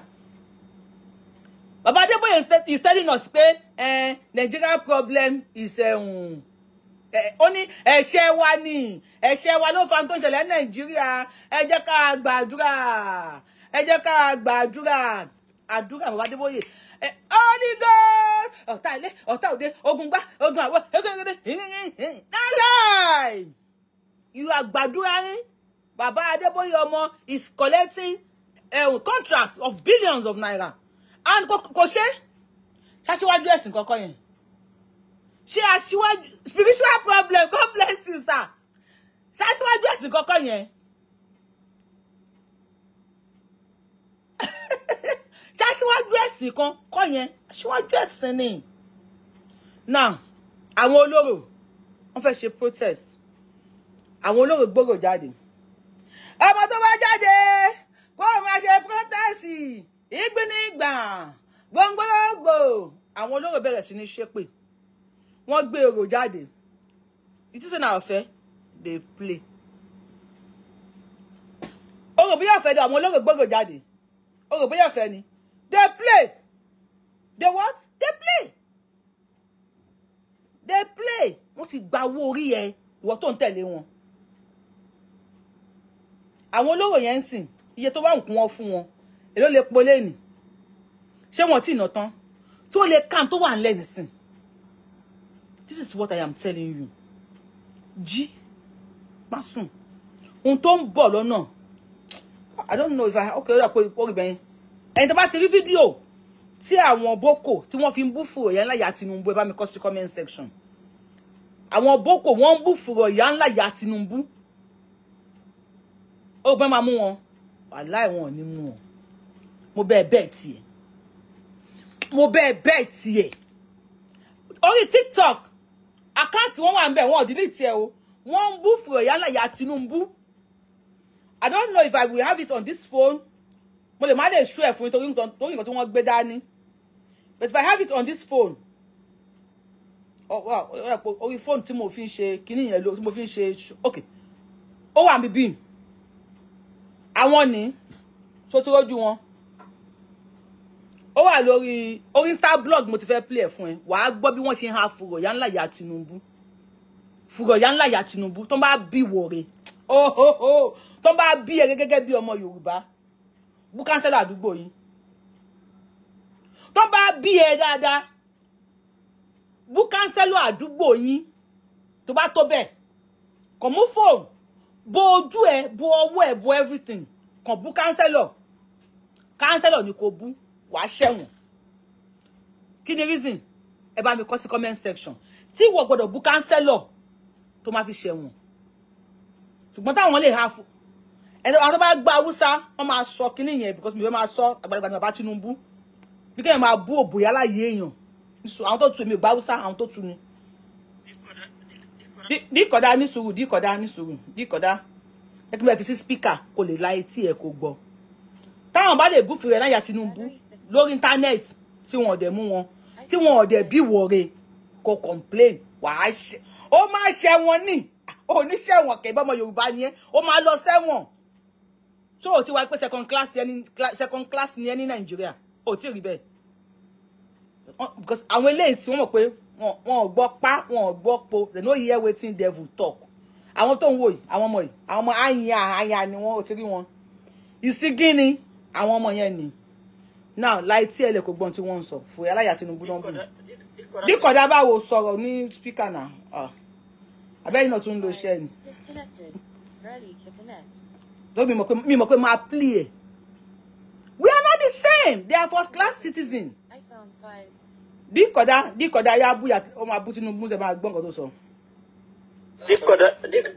Baba Adeboye is telling us pé eh, Nigeria problem is um, eh, ó ní ẹ̀ṣẹ̀ wa ni ẹ̀ṣẹ̀ wa ló fa tó ń ṣẹlẹ̀ Nàìjíríà ẹ jẹ́ ká gbàdúrà ẹ jẹ́ ká gbàdúrà àdúrà Baba Adeboye eh, Holy Ghost ọ̀tá ilé ọ̀tá òde ogun gbá ogun àwọ̀ egegede nálẹ̀ you are gbàdúràyín Baba Adeboye ọmọ is collecting um, contracts of billions of naira and kò ṣe ṣáṣíwájú ẹ̀sìn kọ́kọ́ yẹn ṣe aṣíwájú spiritual problem God bless you sir ṣáṣíwájú ẹ̀sìn kọ́kọ́ yẹn ṣáṣíwájú ẹ̀sìn kan kọ́ yẹn aṣíwájú ẹ̀sìn ni now àwọn olóró wọ́n fẹ́ ṣe protest àwọn olóró gbòòrò jáde ọmọ tó bá jáde kó o máa ṣe protest ìgbìnìgbà gbòǹgbòǹgbò àwọn olóró bẹ̀rẹ̀ sí ní ṣépè wọ́n gbé èrò jáde ìtúsẹ̀ náà ọ̀fẹ́ dey play orò bóyá ọ̀fẹ́ ni àwọn olóró gbòòrò jáde orò bóyá ọ̀fẹ́ ni dey play dey what dey play dey play wọ́n ti gba owó orí ẹ ìwọ tó ń tẹ̀lé wọn àwọn olóró yẹn ń sìn iye tó bá ń kún wọn fún wọn èló lè po léènì ṣé wọn ti nà tán tí ó lè kàn tó wà ńlẹ̀ this is what i am telling you Ji, má sùn ohun tó ń bọ̀ lọ́nà i don't know if i okay ó dà pé ó rí bẹ́yìn ẹni tó bá ti rí fídíò tí àwọn boko tí wọ́n fi ń bú fún ọ̀yà ńlá ìyá Tinubu ẹ bá mi kọ́ sí comment section àwọn boko wọ́n ń bú fún ọ̀yà ńlá ìyá Tinubu ó gbọ́n máa mú wọn wàláì wọn ò ní mú mo bẹ́ẹ̀ bẹ́ẹ̀ tiẹ̀ mo bẹ́ẹ̀ bẹ́ẹ̀ tiẹ̀ orí tiktok àkáǹtì wọn wà ń bẹ̀ wọn ò delete ẹ o wọ́n ń bú Fúyọ̀yálàyà Tinubu i don't know if i will have it on this phone mo lè má lè ṣú ẹ̀ fún yín nǹkan tí wọ́n gbé dání but if i have it on this phone orí fóònù tí mo fi ń ṣe kíní yẹn ló tí mo fi ń ṣe okay ó wà níbí àwọn ní sotírójú wọn ó wà lórí orí star blog mo ti fẹ́ play ẹ̀ fún ẹ wàá gbọ́ bí wọ́n ṣe ń ha ya ńlá ìyá Tinubu fùrọ̀yà ńlá ìyá Tinubu tó ń bá bí wọ̀re ohoho tó ń bá bí ẹ gẹ́gẹ́ bí ọmọ Yorùbá bú kánsẹ́lọ̀ àdúgbò yìí tó ń bá bí ẹ dáadáa bú kánsẹ́lọ̀ àdúgbò yìí tó bá tó bẹ́ẹ̀ kàn mú bo ojú ẹ bo ọwọ́ ẹ bo everything kàn bú kánsẹ́lọ̀ kánsẹ́lọ̀ ni kò bú wàá ṣẹ̀wọ̀n kí ni reason ẹ bá mi kọ sí comment section tí ìwọ gbọ́dọ̀ bú kánsẹ́lọ̀ tó máa fi ṣẹ̀wọ̀n ṣùgbọ́n táwọn lè ha fún ẹni àwọn tó bá gba haúsá wọ́n máa sọ kíní yẹn because mi fẹ́ máa sọ àgbàlagbà ní bàbá Tinubu bí kẹ́hìn máa bú òbòyá láàyè èèyàn àwọn tó tu èmi gba haúsá àwọn tó tu ni díkọ̀dá ní sùúrù díkọ̀dá ní sùúrù díkọ̀dá ẹ kí n bẹ fi sí spíkà kò lè la etí ẹ kò gbọ́ táwọn bá lè búfin rẹ láyà Tinubu lórí internet tí wọn ọ̀dẹ̀ mú wọn tí wọn ọ̀dẹ̀ bí wọ̀re kò complain wàá ṣe ó máa ṣẹ̀wọ̀n ní oníṣẹ̀wọ̀n kẹ́ bọ́mọ Yorùbá ni ẹ́ ó máa lọ sẹ́wọ̀n tó o ti wáyé pé second class ni second class ni ẹ ní Nàìjíríà ó ti rí bẹ́ẹ̀ because àwọn eléyìí sí wọn mọ̀ pé wọn ò gbọ́ pa wọn ò gbọ́ po they no hear wetin devil talk àwọn tó ń wò yìí àwọn ọmọ yìí àwọn ọmọ àyà àyà ni wọn ò ti rí wọn ìsígí ni àwọn ọmọ yẹn nìyí now láì tí ẹ lè kó gbọ́n tí wọ́n ń sọ fòyà láyà Tinubu náà bù díkọ̀dá báwo sọ̀rọ̀ ní spíkà náà ah. abẹ́yìn náà tún ń lo iṣẹ́ ni ló mi mọ̀ pé máa plé ẹ̀ we are not the same they are first class citizens díkọ̀dá díkọ̀dá yá bú ọmọ abú Tinubu ṣe máa gbọ́ nǹkan tó sọ. So dikko da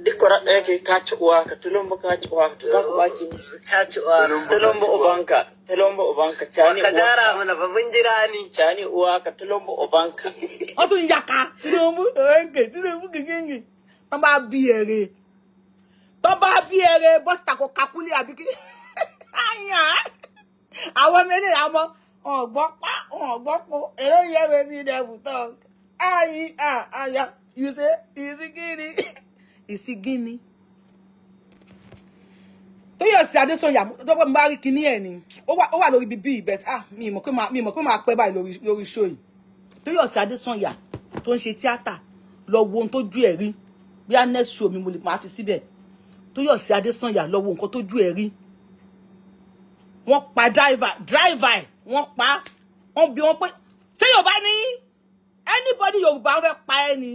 dikko raɗɗa yake ka ci uwa ka tulumba ka ci uwa ka ka baci ka ci uwa tulumba ubanka tulumba ubanka cani uwa ka gara mana ba mun jira ni cani uwa ka tulumba ubanka wato yaka tulumba ubanka tulumba gigenge tan ba bi ere tan ba bi ere bosta ko kakuli àbí kí aya àwọn mele àwọn ọgbọ́n pa ọgbọ́n ko ero yere ti debu tan ayi ah aya You say, Isigini. Isigini. Tóyọ̀ sí Adésọ̀yà tọ́pọ̀ mi bá rí kinní ẹ̀ ni. Ó wà lórí bíbí But Ah me, mi mọ̀ pé máa pẹ́ báyìí you, show yìí. Tóyọ̀ sí Adésọ̀yà tó ń ṣe Don't lọ wo ohun won't ju ẹ̀ rí. Bí á next show me, mi mo lè máa fi síbẹ̀. Tóyọ̀ sí Adésọ̀yà lọ wo nǹkan tó ju ẹ̀ rí. Wọ́n pa driver driver wọ́n pa wọ́n bí wọ́n pé ṣé Yorùbá ní anybody Yorùbá fẹ́ pa ẹni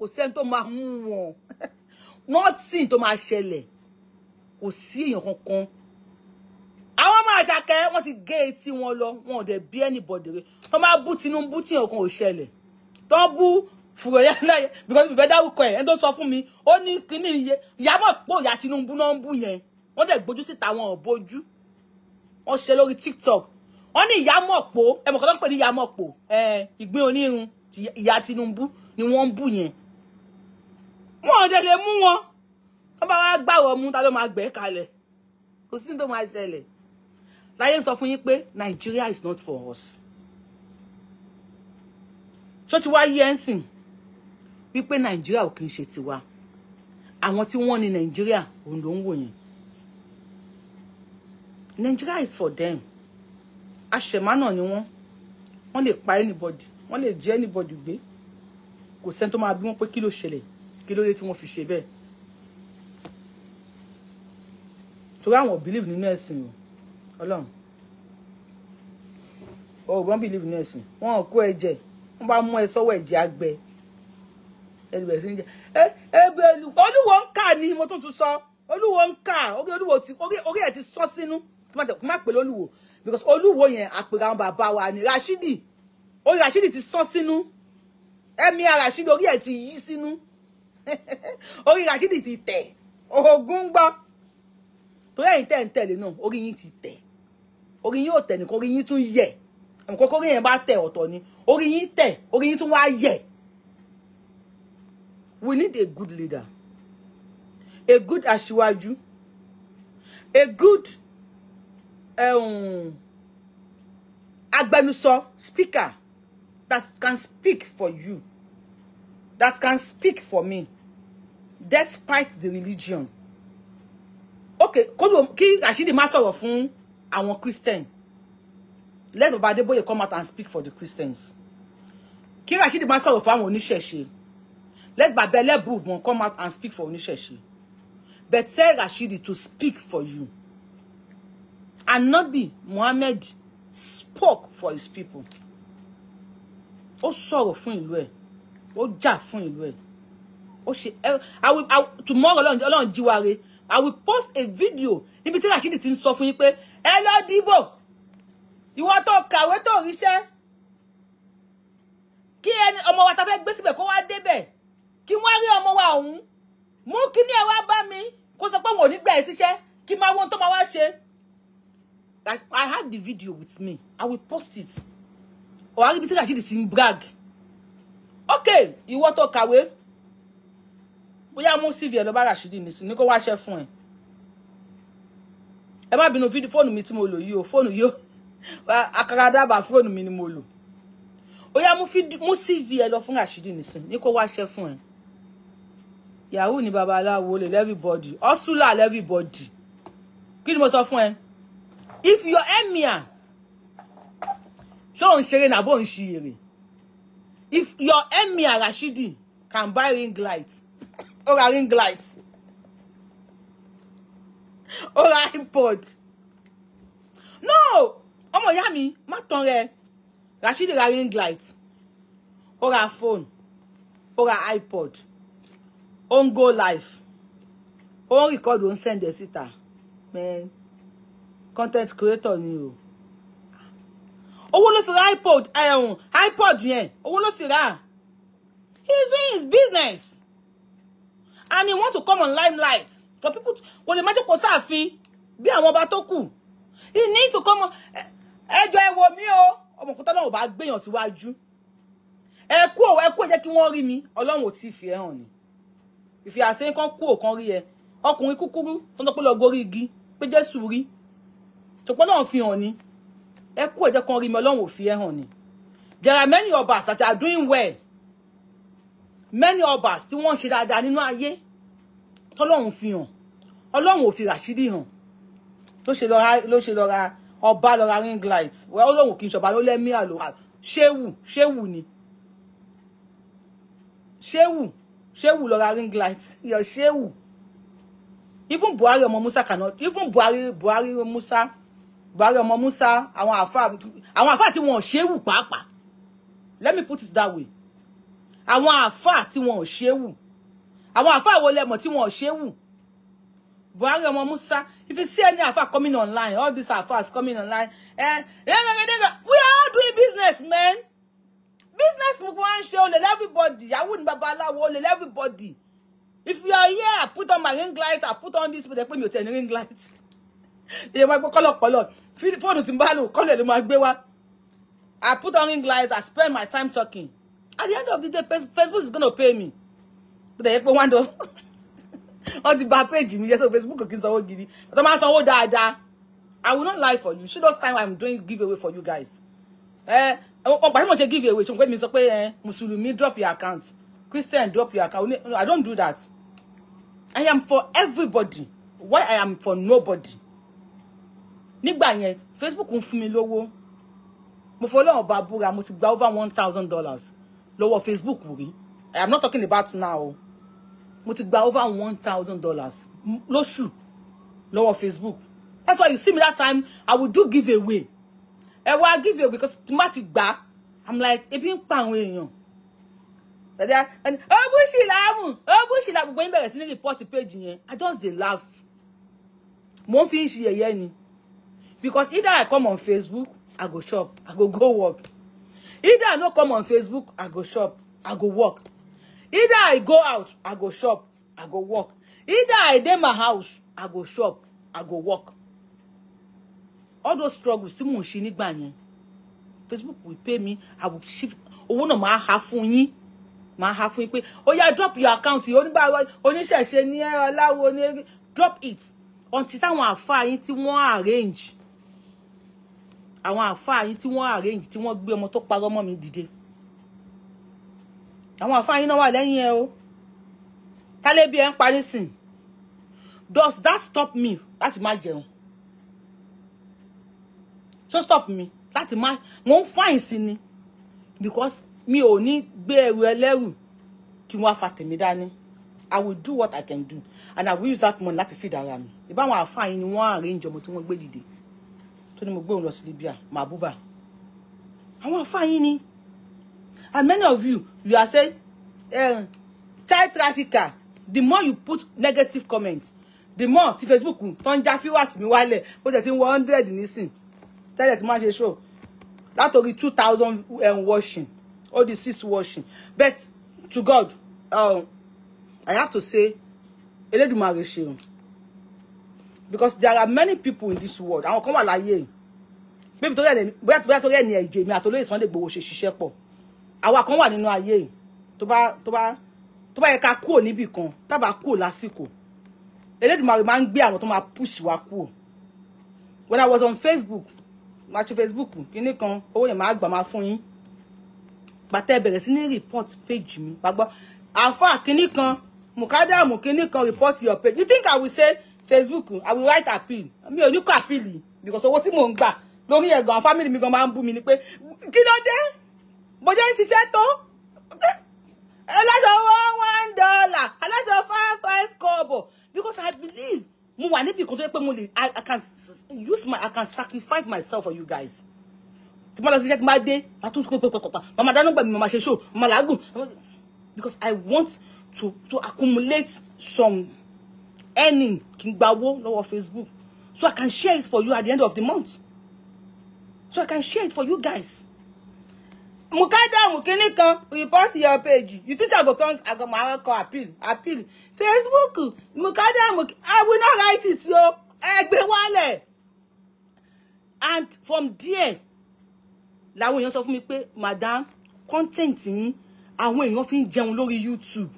kò sẹ́ni tó máa mú wọn nothing tó máa ṣẹlẹ̀ kò sí èèyàn kankan àwọn ọmọ àṣàkẹ́ wọ́n ti gé etí wọn lọ wọn ò dẹ̀ bí anybody rẹ̀ tó máa bú Tinubu tí èèyàn kan ò ṣẹlẹ̀ tó ń bú fùrọ̀yà láyé because mi fẹ́ dárúkọ ẹ̀ ẹni tó sọ fún mi ó ní kíní iye ìyàbọ̀ pò ìyá Tinubu náà ń bú yẹn wọ́n dẹ̀ TikTok. síta wọn ò bójú wọ́n ṣe lórí TikTok wọ́n ní ìyàmọ̀pọ̀ ẹ̀mọ̀kọ́ tó ń pè ní ìyàmọ̀pọ̀ ìgbín onírun ìyá ni wọ́n ń bú wọn ò dẹ̀ lè mú wọn wọn bá wá gbàwọ̀ mú ta ló máa gbẹ́ kalẹ̀ kò sí tó máa ṣẹlẹ̀ láyé sọ fún yín pé Nigeria is not for us ṣó ti wá yẹ ń sìn wípé Nigeria ò kì í ṣe tiwa àwọn tí wọ́n ní Nigeria òun ń wò yẹn Nigeria is for them àṣemánà ni wọ́n wọ́n lè pa anybody wọ́n lè jẹ anybody gbé kò sẹ́ni tó máa bí wọ́n pé kí ló ṣẹlẹ̀ kí ló dé tí wọ́n fi ṣe bẹ́ẹ̀ torí àwọn believe nínú ẹ̀sìn ọlọ́run ọ̀gbọ́n believe nínú ẹ̀sìn wọn kó ẹ̀jẹ̀ wọ́n bá mú ẹ sọ́wọ́ ẹ̀jẹ̀ àgbẹ̀ ẹlùbẹ̀ sí ń jẹ ẹ ẹ bẹ̀rù olúwo ń kà ni mo tún tún sọ olúwo ń kà orí olúwo ti orí ẹ̀ ti sọ sínú kí má pè lólùwò because olúwo yẹn àpèrè àwọn bàbá wa ni Rashidi orí Rashidi ti sọ sínú ẹ̀mí Rashidi orí ẹ̀ ti yí sínú. orí Rashidi ti tẹ̀ ogun gbọ́ torí ẹ̀yin tẹ̀ ń tẹ̀lé náà orí yín ti tẹ̀ orí yín ò tẹ̀ nìkan orí yín tún yẹ̀ nǹkan kórí yẹn bá tẹ̀ ọ̀tọ̀ ni orí yín tẹ̀ orí yín tún wá yẹ̀ we need a good leader a good aṣíwájú a good um, agbẹnusọ speaker that can speak for you that can speak for me despite the religion okay kí Rashidi má sọ̀rọ̀ fun àwọn Christian let Baba Adeboye come out and speak for the Christians kí Rashidi má sọ̀rọ̀ fun àwọn oníṣẹ̀ṣe let Baba Elebubon come out and speak for oníṣẹ̀ṣe but tell Rashidi to speak for you and Anabi Muhammad spoke for his people O sọ̀rọ̀ fún ìlú ẹ̀ o jà fun ìlú ẹ̀ ó ṣe i will tomorrow ọlọ́run jíwáre i will post a video níbi tí Rashidi ti ń sọ fún yín pé ẹ lọ dìbò ìwọ tó kàwé tó ríṣẹ́ kí ẹni ọmọ wa ta fẹ́ gbé síbẹ̀ kó wá débẹ̀ kí wọ́n rí ọmọ wa ọ̀hún mú kí ní ẹ wá bá mi kó sọ pé wọn ò ní gbà ẹ síṣẹ́ kí máa wọ́n tó máa wá ṣe. I have the video with me I will post it ọ̀hárí ibi tí Rashidi ti ń brag ok ìwọ tó kàwé bóyá mú cv ẹ lọ bá Rashidi nìsú ní kó wáṣẹ fún ẹ ẹ má bínú fídíò fóònù mi tí mo lò yìí o fóònù yìí o àkàrà dábàá fóònù mi ni mo lò bóyá mú cv ẹ lọ fún Rashidi nìsú ní kó wáṣẹ fún ẹ yahoo ni babaláwo lè lẹ́vìbọ́dì ọ́sùlà lẹ́vìbọ́dì kí ni mo sọ fún ẹ if your emir ṣé òun ṣeré nàbó òun ṣiyèrè if your emir Rashidi can buy ring light ó ra ring light ó ra ipod no ọmọ ìyá mi má tán rẹ Rashidi ra ring light ó ra phone ó ra ipod ó ń go live ó ń record ó ń send ẹ síta man content creator ni o owó ló fi ra ipod ẹ̀hún ipod yẹn owó ló fi ra he is doing his business and he want to come on limelight for people kò lè mẹ́jọ kò sáàfin bí àwọn ọba tó kù he need to come on eh, ẹjọ́ ẹ wo mi o ọmọkùnrin náà ò bá gbéyàn síwájú ẹ kú ò ẹ kú ò jẹ́ kí wọ́n rí mi ọlọ́run ò tí fi ẹ hàn ni ìfi àṣẹ kan kú ò kan rí ẹ ọkùnrin kúkúrú tó ń tọ́ pé lọ gorí igi pé jésù rí ṣùpọ́ náà fi hàn ni ẹ kú ò jẹ́ kan rí mi ọlọ́run ò fi ẹ ni there are many of us that are doing well many obas tí wọ́n ṣe dáadáa nínú ayé tọ́lọ́run fi hàn ọlọ́run ò fi ràṣídì hàn ló ṣe lọ́ra ló ṣe lọ́ra ọba lọ́ra ring light wẹ́ ọlọ́run kì í ṣọba ló lẹ́mí àlòwà ṣéwù ṣéwù ni ṣéwù ṣéwù lọ́ra ring light yọ ṣéwù even buhari ọmọ musa cannot even buhari buhari musa buhari ọmọ musa àwọn àfa àwọn àfa tí wọn ò ṣéwù pàápàá let me put it that way àwọn àáfàá tí wọn ò ṣe wù àwọn àáfàá wo lẹ mọ̀ tí wọn ò ṣe wù Buhari ọmọ Musa if you see any àáfàá coming online all these àáfàá coming online eh we are all doing business man business mo wan ṣe olè everybody yahoo ni babaláwo olè everybody if you are here i put on my ring light i put on this but pe mi ò tẹ̀ ní ring light iye máa gbọ́ kọ́lọ̀kọ́lọ̀ fóònù tí n bá lò kọ́lọ̀ ló máa gbé wá i put on ring light i spend my time talking at the end of the day Facebook is gonna pay me tó dẹ̀ yẹ pé wọ́n dọ̀ wọ́n ti page mi jẹ́ Facebook kì í sanwó gidi tó máa sanwó dáadáa I will not lie for you Should those time I'm doing giveaway for you guys Eh? But ọgbà tí mo ṣe giveaway ṣe pé mi sọ pé eh, mùsùlùmí drop your account Christian drop your account I don't do that I am for everybody why I am for nobody nígbà yẹn Facebook ń fún mi lówó mo fọlọ́run bá búra mo ti over one thousand dollars lọ́wọ́ Facebook rí am not talking about now mo ti gba over one thousand dollars lóṣù lọ́wọ́ Facebook that's why you see me that time i will do give away. ẹ wá giveaway because tí má ti gbà i'm like ebi ń pa àwọn èèyàn dada ẹni ó bú ṣìlámù ó bú ṣìlámù gbogbo yín bẹ̀rẹ̀ sí ní rìpọ́ọ̀tì péjì yẹn i just dey laugh mo ń fi ń ṣe yẹ̀yẹ́ ni because either i come on Facebook i go shop i go go work either i no come on facebook i go shop i go work either i go out i go shop i go work either i dey my house i go shop i go work all those struggles tí mò ń ṣe nígbà facebook will pay me i will shift Oh no, my half fún yín máa ha fún you pé ó oh drop your account You only buy. oníbàárà oníṣẹ̀ṣe share ẹ ọláwo ní drop it until táwọn find, yín tí wọ́n arrange àwọn àfáà yín tí wọ́n arrange tí wọ́n gbé ọmọ tó parọ́ mọ́ mi dìde àwọn àfáà yín náà wà lẹ́yìn ẹ o kálébí ẹ ń pa nísìn does that stop me láti má jẹun so stop me láti má mo ń fáyìn sí ni because mi ò ní gbé ẹrù ẹlẹ́rù kí wọ́n fa tèmi dání i will do what i can do and i will use that money láti feed ara mi ìbáwọn àfáà yín ni wọ́n arrange ọmọ tí wọ́n gbé dìde tó ní mo gbóhùn lọ sí Libya Mabuba àwọn afáyín ni and many of you you are saying uh, eh, child trafficker the more you put negative comments the more ti Facebook tó ń já fíwàsì mi wálẹ̀ bó tẹ̀ sí one hundred nísìn tẹ́lẹ̀ tí máa ṣe show látòrí two thousand eh, washing all the six washing but to God um, I have to say Elédùmarè ṣeun because there are many people in this world àwọn kan wà Maybe bíbi tó rẹ̀ bóyá bóyá tó rẹ̀ ní ẹ̀jẹ̀ mi àtolóyè Sunday Igboho ṣe ṣiṣẹ́ pọ̀ àwa kan wà nínú ayé tó To ba to ba bá yẹ ká kúrò níbì kan tábà kúrò lásìkò Elédùmarè máa ń gbé àwọn tó máa push wa kúrò when I was on Facebook máa ṣe Facebook kíní kan owó yẹn máa gbà máa fún yín gbàtẹ́ bẹ̀rẹ̀ sí ní report page mi gbàgbọ́ àfa kíní kan mukadamu kíní kan report your page you think I will say facebook i will write appeal mi ò ní kọ appeal yìí because owó tí mò ń gbà lórí ẹ̀gàn family mi gan máa ń bú mi ni pé kí ló dé bó jẹ́ ń ṣiṣẹ́ tó aláṣọ one one dollar aláṣọ five five kobo because i believe mo wà níbi ìkan to yẹ pé mo lè i can use my i can sacrifice myself for you guys tí mo lọ sí iṣẹ́ tí mo bá dé màá tún pépé pàpà màmá dáná gbẹ̀mí màmá ṣe ṣó màmá làágùn because i want to to accumulate some earning kí n gba owó lọ́wọ́ Facebook so I can share it for you at the end of the month so I can share it for you guys. Mukada, kini kan report your page you think I go come I go my call appeal appeal Facebook Mukada, muk. I will not write it yo ẹgbẹ́ wálẹ̀ and from there làwọn èèyàn sọ fún mi pé madam content yín àwọn èèyàn fi ń jẹun YouTube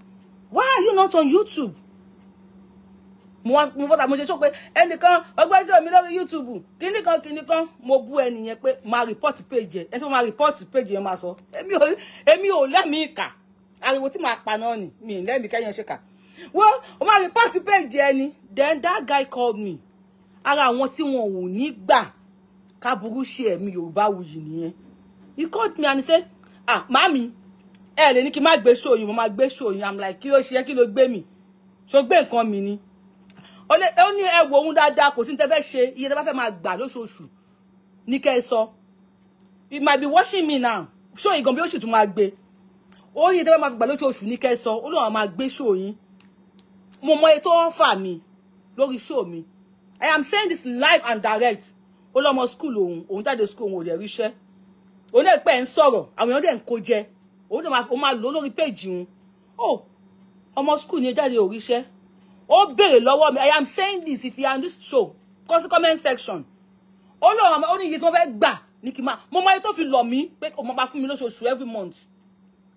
why are you not on YouTube mo wá mo bọ́ta mo ṣe sọ pé ẹnìkan ọgbẹ́ iṣẹ́ mi lórí youtube kíní kan kíní kan mo bú ẹnìyẹn pé máa report page ẹ ẹni tó máa report page yẹn máa sọ èmi ò èmi ò lẹ́mìí ìkà ariwo tí màá pa náà nì mi lẹ́mìí kẹ́yìn ṣe kà wọ́n o máa report page ẹni then that guy called me ara àwọn tí wọn ò ní gbà káburú ṣe ẹ̀mí yorùbá wuyì nìyẹn he called me and he said ah mami ẹ lè ní kí n má gbé ṣòyìn mo máa gbé ṣòyìn i'm like kí ló ṣe kí ló gbé mi ṣó gbé nǹkan mi ni ó ní ẹ wo òun dáadáa kò sí ní tẹ́ fẹ́ ṣe iye tẹ́ bá fẹ́ máa gbà lóṣooṣù ní kẹ́ ẹ sọ it might be watching me now ṣó ìgàn bí ó sì tún máa gbé ó ní iye tẹ́ bá máa gbà lóṣooṣù ní kẹ́ ẹ sọ ó lóun àwọn máa gbé ṣó yín mo mọ ètò ọ̀fà mi lórí ṣó mi I am saying this live and direct ó lọ́mọ school òun òun jáde school òun ò lè ríṣẹ́ òun náà pẹ́ ń sọ̀rọ̀ àwọn èèyàn dẹ̀ ń kó jẹ òun náà máa lò lórí péjì òun ó oh, ọmọ school ni ó jáde òríṣẹ́ ó béèrè lọ́wọ́ mi i am saying this if you are in this show kọ sí comment section ó lọ ọmọ ó ní iye tí wọ́n fẹ́ gbà ní kí n máa mo máa yẹ tó fi lọ mí pé kò mọ bá fún mi lóṣooṣù every month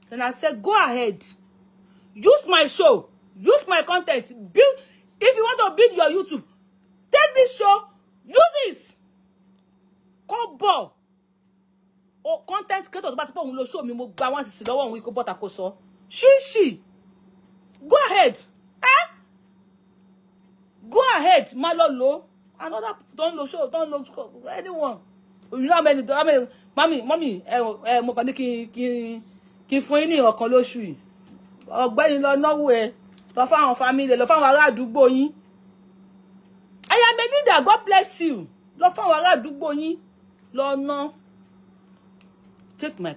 then i say go ahead use my show use my content build if you want to build your youtube take this show use it kó bọ̀ o content creator tó bá ti pọ̀ òun lo show mi mo gba one sixty lọ́wọ́ òun ikú bọ́ta kó sọ ṣíṣì go ahead. Eh? go ahead má lọ Lo, another tó ń lo show tó ń lo anyone you know how many how many mami mami ẹ ẹ mo kàn ní kí kí kí fún yín ní ọ̀kan lóṣù yìí ọ̀gbẹ́ni lọ náwó ẹ lọ fáwọn family lọ fáwọn ará àdúgbò yín I am a leader God bless you lọ fáwọn ará àdúgbò yín lọ ná take my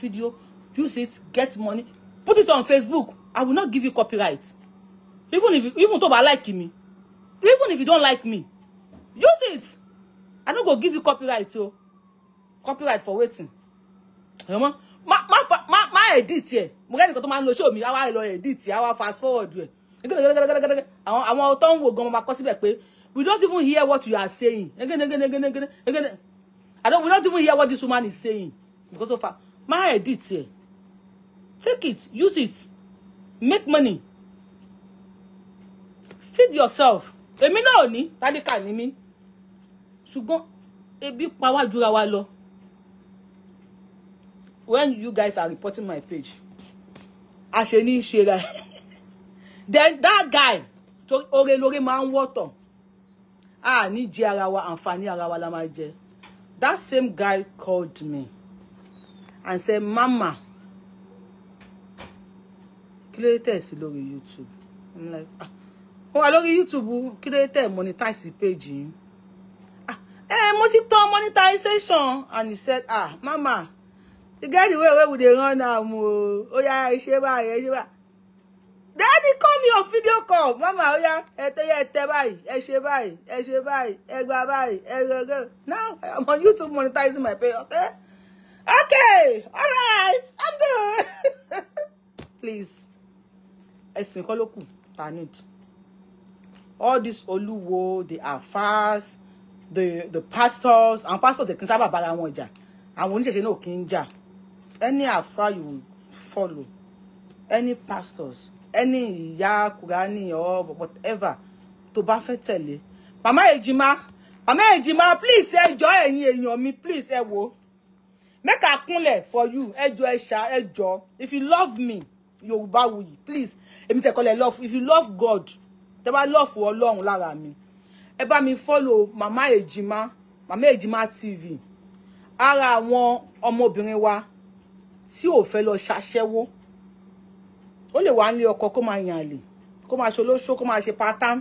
video use it get money put it on Facebook I will not give you copyright even if even though I like me even if you don't like me use it i don't go give you copyright o oh. copyright for waiting. ẹmọ má má my edit ẹ mo kẹ́ nìkan tó máa ń lo show mi àwa lọ edit àwa fast forward ẹ gẹ́gẹ́gẹ́gẹ́gẹ́gẹ́ àwọn àwọn tó ń wo gan máa kọ síbẹ̀ we don't even hear what you are saying gẹ́gẹ́gẹ́gẹ́gẹ́gẹ́ i don't we don't even hear what this woman is saying because so far má edit here. take it use it make money feed yourself èmi náà ò ní tálíkà ní mí ṣùgbọ́n ebi pa wá jura wa lọ when you guys are reporting my page àṣẹ ní í ṣe rẹ then that guy oore lórí máa ń wọ́tọ̀ a ní jẹ ara wa àǹfààní ara wa la máa jẹ that same guy called me and said mama kí ló tẹ̀ sí lórí YouTube i'm like ah mo wà lórí youtube kí ló tẹ̀ monetize page yín ah, ẹ mo ti tán monetization and he said ah mama the guy the way wey we dey run now? o ó yá ẹ ṣe báyìí ẹ ṣe daddy call me on video call mama ó yá ẹ tẹ yẹ tẹ báyìí ẹ ṣe báyìí ẹ ṣe báyìí ẹ gbà báyìí ẹ gbẹgbẹ now i'm on youtube monetizing my page okay okay all right i'm done please ẹ̀sìn kọ́ ló kù ta need all these olúwo the alfas the the pastors and pastors they kì í sábà bára wọn jà àwọn oníṣẹ̀ṣe náà kì í any alfa you follow any pastors any ìyá kùránì or whatever tó bá fẹ́ tẹ̀lé Mama Ejima, màmá èjìmá please enjoy jọ̀ọ́ ẹ̀yin èèyàn mi please ẹ make a kúnlẹ̀ for you Enjoy, jọ̀ọ́ enjoy. if you love me you will Yorùbáwùyí please èmi tẹ̀kọ́lẹ̀ love if you love God tẹ́ bá love ọlọ́run lára mi ẹ bá mi follow Mama Ejima, Mama Ejima tv ara àwọn ọmọbìnrin wa tí ò fẹ́ lọ ṣaṣẹ́wó ó lè wà nílé ọkọ kó máa yàn àlè kó máa ṣe olóṣó kó máa ṣe pátán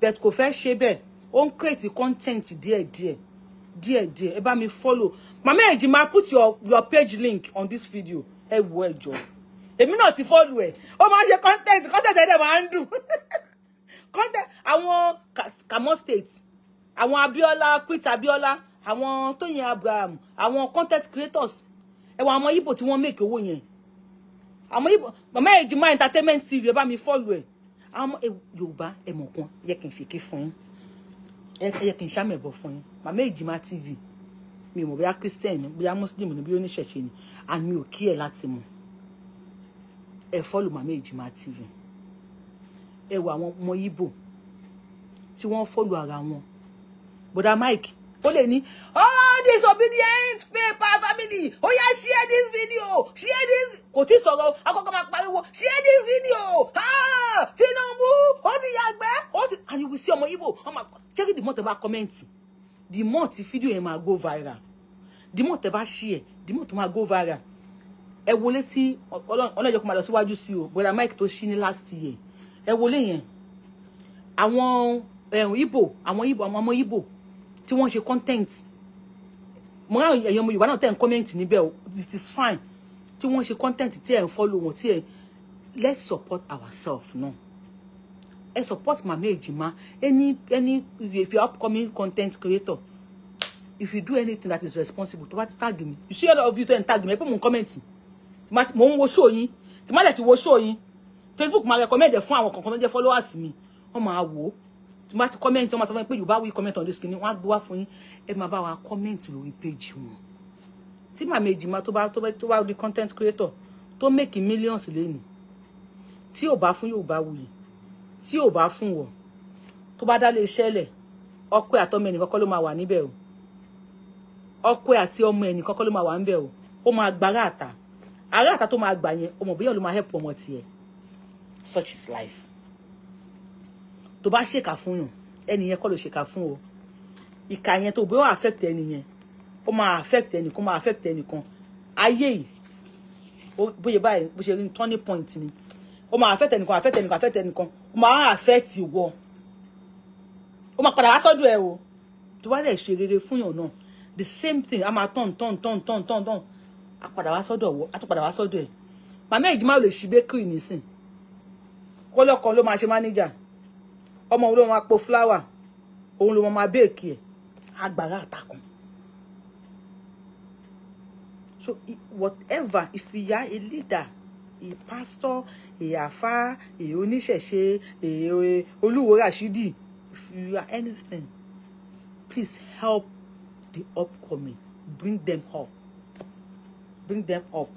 bẹ́ẹ̀ kò fẹ́ ṣe bẹ́ẹ̀ ó ń create content díẹ̀díẹ̀ díẹ̀díẹ̀ ẹ bá mi follow màmá èjìmá put your your page link on this video ẹ wo ẹ jọ èmi náà ti follow ẹ ó máa ṣe content content ẹ̀ dẹ̀ máa ń dùn. content àwọn Kamo State àwọn Abiola quit Abiola àwọn Tóyìn Abraham àwọn content creators ẹwà àwọn Ìbò tí wọ́n make owó yẹn àwọn Ìbò mama Ejima entertainment tv ẹ bá mi follow ẹ àwọn Yorùbá ẹmọ kan yẹ kí n ṣèké fún yín ẹ yẹ kí n ṣàmẹ̀bọ̀ fún yín mama Ejima tv mi ò mọ̀ bóyá christian ni bóyá muslim ni bóyá oníṣẹ̀ṣe ni àmì òkí ẹ̀ láti mọ̀ ẹ follow mama Ejima tv ẹwà àwọn ọmọ Ìgbò tí wọ́n fọ́lù ara wọn bọ̀dà Mike ó lè ní all oh, disobedient paper family ó oh, yá share this video share this kò tí sọ̀rọ̀ akọ́kọ́ máa pariwo share this video ah, Tinubu ó ti yàgbẹ́ ó ti and you will see ọmọ Ìgbò ọmọ jẹ́rì the more tẹ́ bá kọ́mẹ́ǹtì the more tí fídíò yẹn máa go viral the more tẹ́ bá share the more tó máa go viral ẹ wọlé tí ọlọ́jọ́ kó máa lọ síwájú sí o bọ̀dà Mike tó ṣí ní last year ẹ wọlé yẹn eh, àwọn Ìgbò àwọn Ibo. àwọn ọmọ Ibo. tí wọ́n ṣe content mo ráwọn ẹ̀yàn ọmọ Yorùbá náà tẹ̀ ń comment níbẹ̀ o it is fine tí wọ́n ṣe content tí ẹ̀ ń follow wọn tí ẹ̀ let's support ourselves náà. No? I support Mama Ejima, any any if you're upcoming content creator, if you do anything that is responsible, to what tag me. You see all of you tó ń tag me, pé mo ń comment. Mo ń wo show yín. Tí ma lè ti wo show yín facebook máa recommend ẹ fún àwọn kankan tó jẹ́ followers mi wọ́n máa wò ó tí ti comment wọ́n máa sọ fún mi pé yorùbá wí comment on this kìíní wọ́n á gbé wá fún yín ẹ máa bá wa comment lórí page wọn tí màmá to máa to bá tó bá di content creator to make millions lẹ́nu tí ò bá fún yorùbá wuyì tí ò bá fún wọ tó bá dá lé le. lẹ̀ ọkọ àtọmọ ẹnì kọ́kọ́ ló máa wà níbẹ̀ o ọkọ àti ọmọ ẹnì kọ́kọ́ ló máa wà níbẹ̀ o ó máa gbàrà àtà àrà àtà tó máa gbà yẹn ọmọ bíyàn ló máa help ọmọ tiẹ̀ such is life To tó bá ṣèkà fún yàn ẹnìyẹn kọ́ ló ṣèkà fún o ìkà yẹn tó bẹ́ẹ̀ wà affect ẹnìyẹn ó máa affect ẹnìkan máa affect ẹnìkan ayé yìí bóyá báyìí bó ṣe rí turning point ni ó máa affect ẹnìkan affect ẹnìkan affect ẹnìkan ó máa affect ìwọ ó máa padà wá sọ́dọ̀ ẹ o tó bá dẹ̀ ṣe rere fún yàn náà the same thing a máa tán tán tán tán tán tán a padà wá sọ́dọ̀ wọ a tún padà wá sọ́dọ̀ ẹ màmá ìjì má lè ṣí bẹ́kìrì nísìn kọ́lọ́kan ló máa ṣe mánéjà ọmọ òun ló máa po fúláwà òun ló máa béèkì ẹ̀ agbára àtàkùn so whatever ìfìyà a leader a pastor a àfá a oníṣẹ̀ṣe a olúwo rashidi if you are anything please help the upcoming bring them up bring them up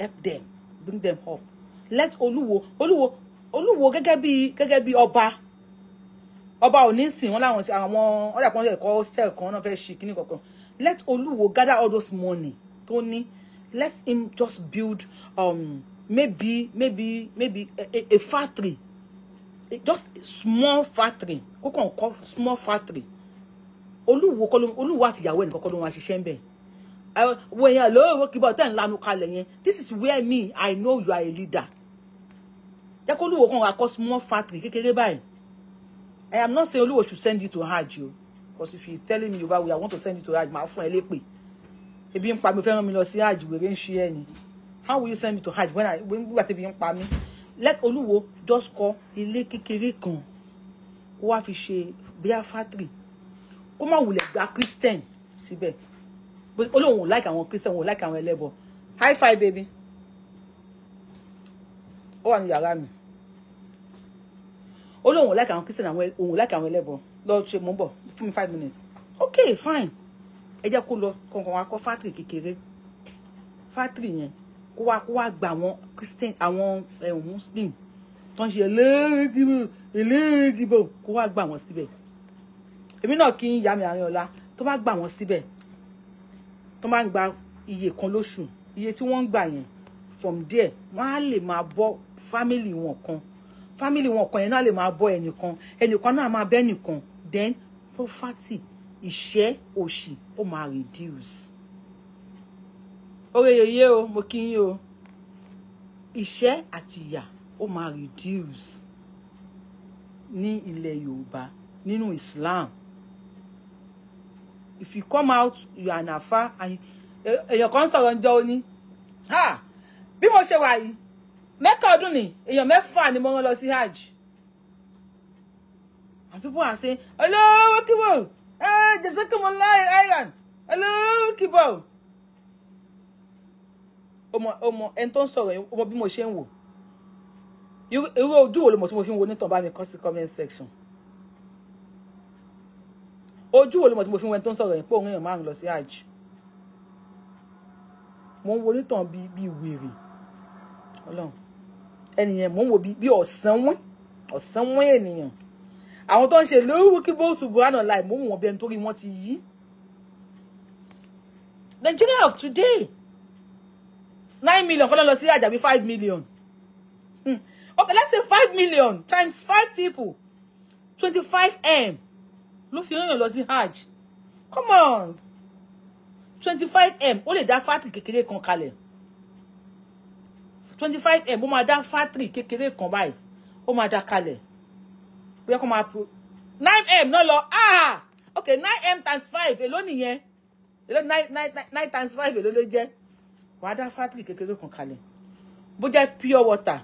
help them bring them up let olúwo olúwo olúwo gẹ́gẹ́ bí gẹ́gẹ́ bí ọba ọba ò ní sìn wọn láwọn àwọn ọ̀dà kan ẹ̀kọ́ hostel kan náà fẹ́ẹ́ ṣì kíní kankan let olúwo gather all those money tó ní let him just build um, maybe maybe maybe a, a, a factory a, just a small factory ó kàn kọ́ small factory olúwo kọ́ ló olúwo àtìyàwó ẹnìkan kọ́ ló wọn àṣìṣe ń bẹ̀ wọ̀nyẹn lóòrò kìbọ̀ tẹ̀ ń lanu kalẹ̀ yẹn this is where me I know you are a leader jẹ́ kó lùwọ̀ kan wà kọ́ small factory kékeré báyìí I am not saying olúwo should send you to hajj o because if you telling me about we, I want to send you to hajj màá fún ẹ lépè ebi ń pa mi fẹ́ràn mi lọ sí hajj wèrè ń ṣe ni how will you send me to hajj when I when nígbà at ń pa mi let olúwo just call ilé kékeré kan kó wá fi ṣe bíá factory kó má wulẹ̀ gba Christian síbẹ̀ olóhùn ò like àwọn Christian wọn like àwọn ẹlẹ́bọ high five baby ó wà ní yàrá mi ó lóun ò láìka àwọn christian àwọn òun ò láìka àwọn ẹlẹ́bọ lọ ṣe mò ń fún mi five minutes ok fine ẹ jẹ́ kó lọ kankan wa kọ́ fátìrì kékeré fátìrì yẹn kó wá kó wá gba àwọn christian àwọn eh, muslim tó ń ṣe eléèdìbò eléèdìbò kó wá gba àwọn síbẹ̀ èmi náà kí n yá mi àárín ọ̀la tó bá gba àwọn síbẹ̀ tó bá ń gba iye kan lóṣù iye tí wọ́n ń gbà yẹn from there wọ́n á lè máa bọ́ family wọn kan family wọn kan yẹn náà lè máa bọ́ ẹnìkan ẹnìkan náà máa bẹ́ ẹnìkan then poverty ìṣẹ́ òṣì ó máa reduce. oore yeye o mo kí yín o ìṣẹ́ àti ìyà ó máa reduce ní ilẹ̀ Yorùbá nínú Islam if you come out you are nafa and e-, èèyàn kan sọ̀rọ̀ ń jọ ha bí mo ṣe wà yìí mẹ́ka ọdún ni èèyàn mẹ́fà ni mo rán lọ sí hajj and people are saying olówó kíbo ẹ jẹsẹkùnmọ láì iron olówó kíbo ọmọ ọmọ ẹni tó ń sọ̀rọ̀ yẹn ọmọ bí mo ṣe ń wò irú ojú wo ló mọ̀ tí mo fi ń wo nítàn bá mi kọ́ sí comment section ojú wo ló mọ̀ tí mo fi wẹ́n tó ń sọ̀rọ̀ yẹn pé òun èèyàn márùn lọ sí àjì mo ń wo onítàn bíi wèrè ọlọ́run ẹnìyẹn mò ń wò bí ọ̀sánwín ọ̀sánwín ènìyàn àwọn tó ń ṣe lórí kí bó ṣubú àná láì mò ń wò bí ẹni tó rí wọn ti yí. Nigeria of today nine million kọ́lá lọ sí àjàbí five million hmm. okay let's say five million times five people twenty five m ló fi hàn lọ sí hajj come on twenty five m ó lè dá fáàtì kékeré kan kalẹ̀ twenty five m ó máa dá factory. kékeré kan báyìí ó máa dá kalẹ̀ bóyá kó máa pro nine m náà lọ ah ok nine m times five èló nìyẹn èló nine nine nine times five èló ló jẹ́ wàá dá factory. kékeré kan kalẹ̀ bó jẹ́ pure water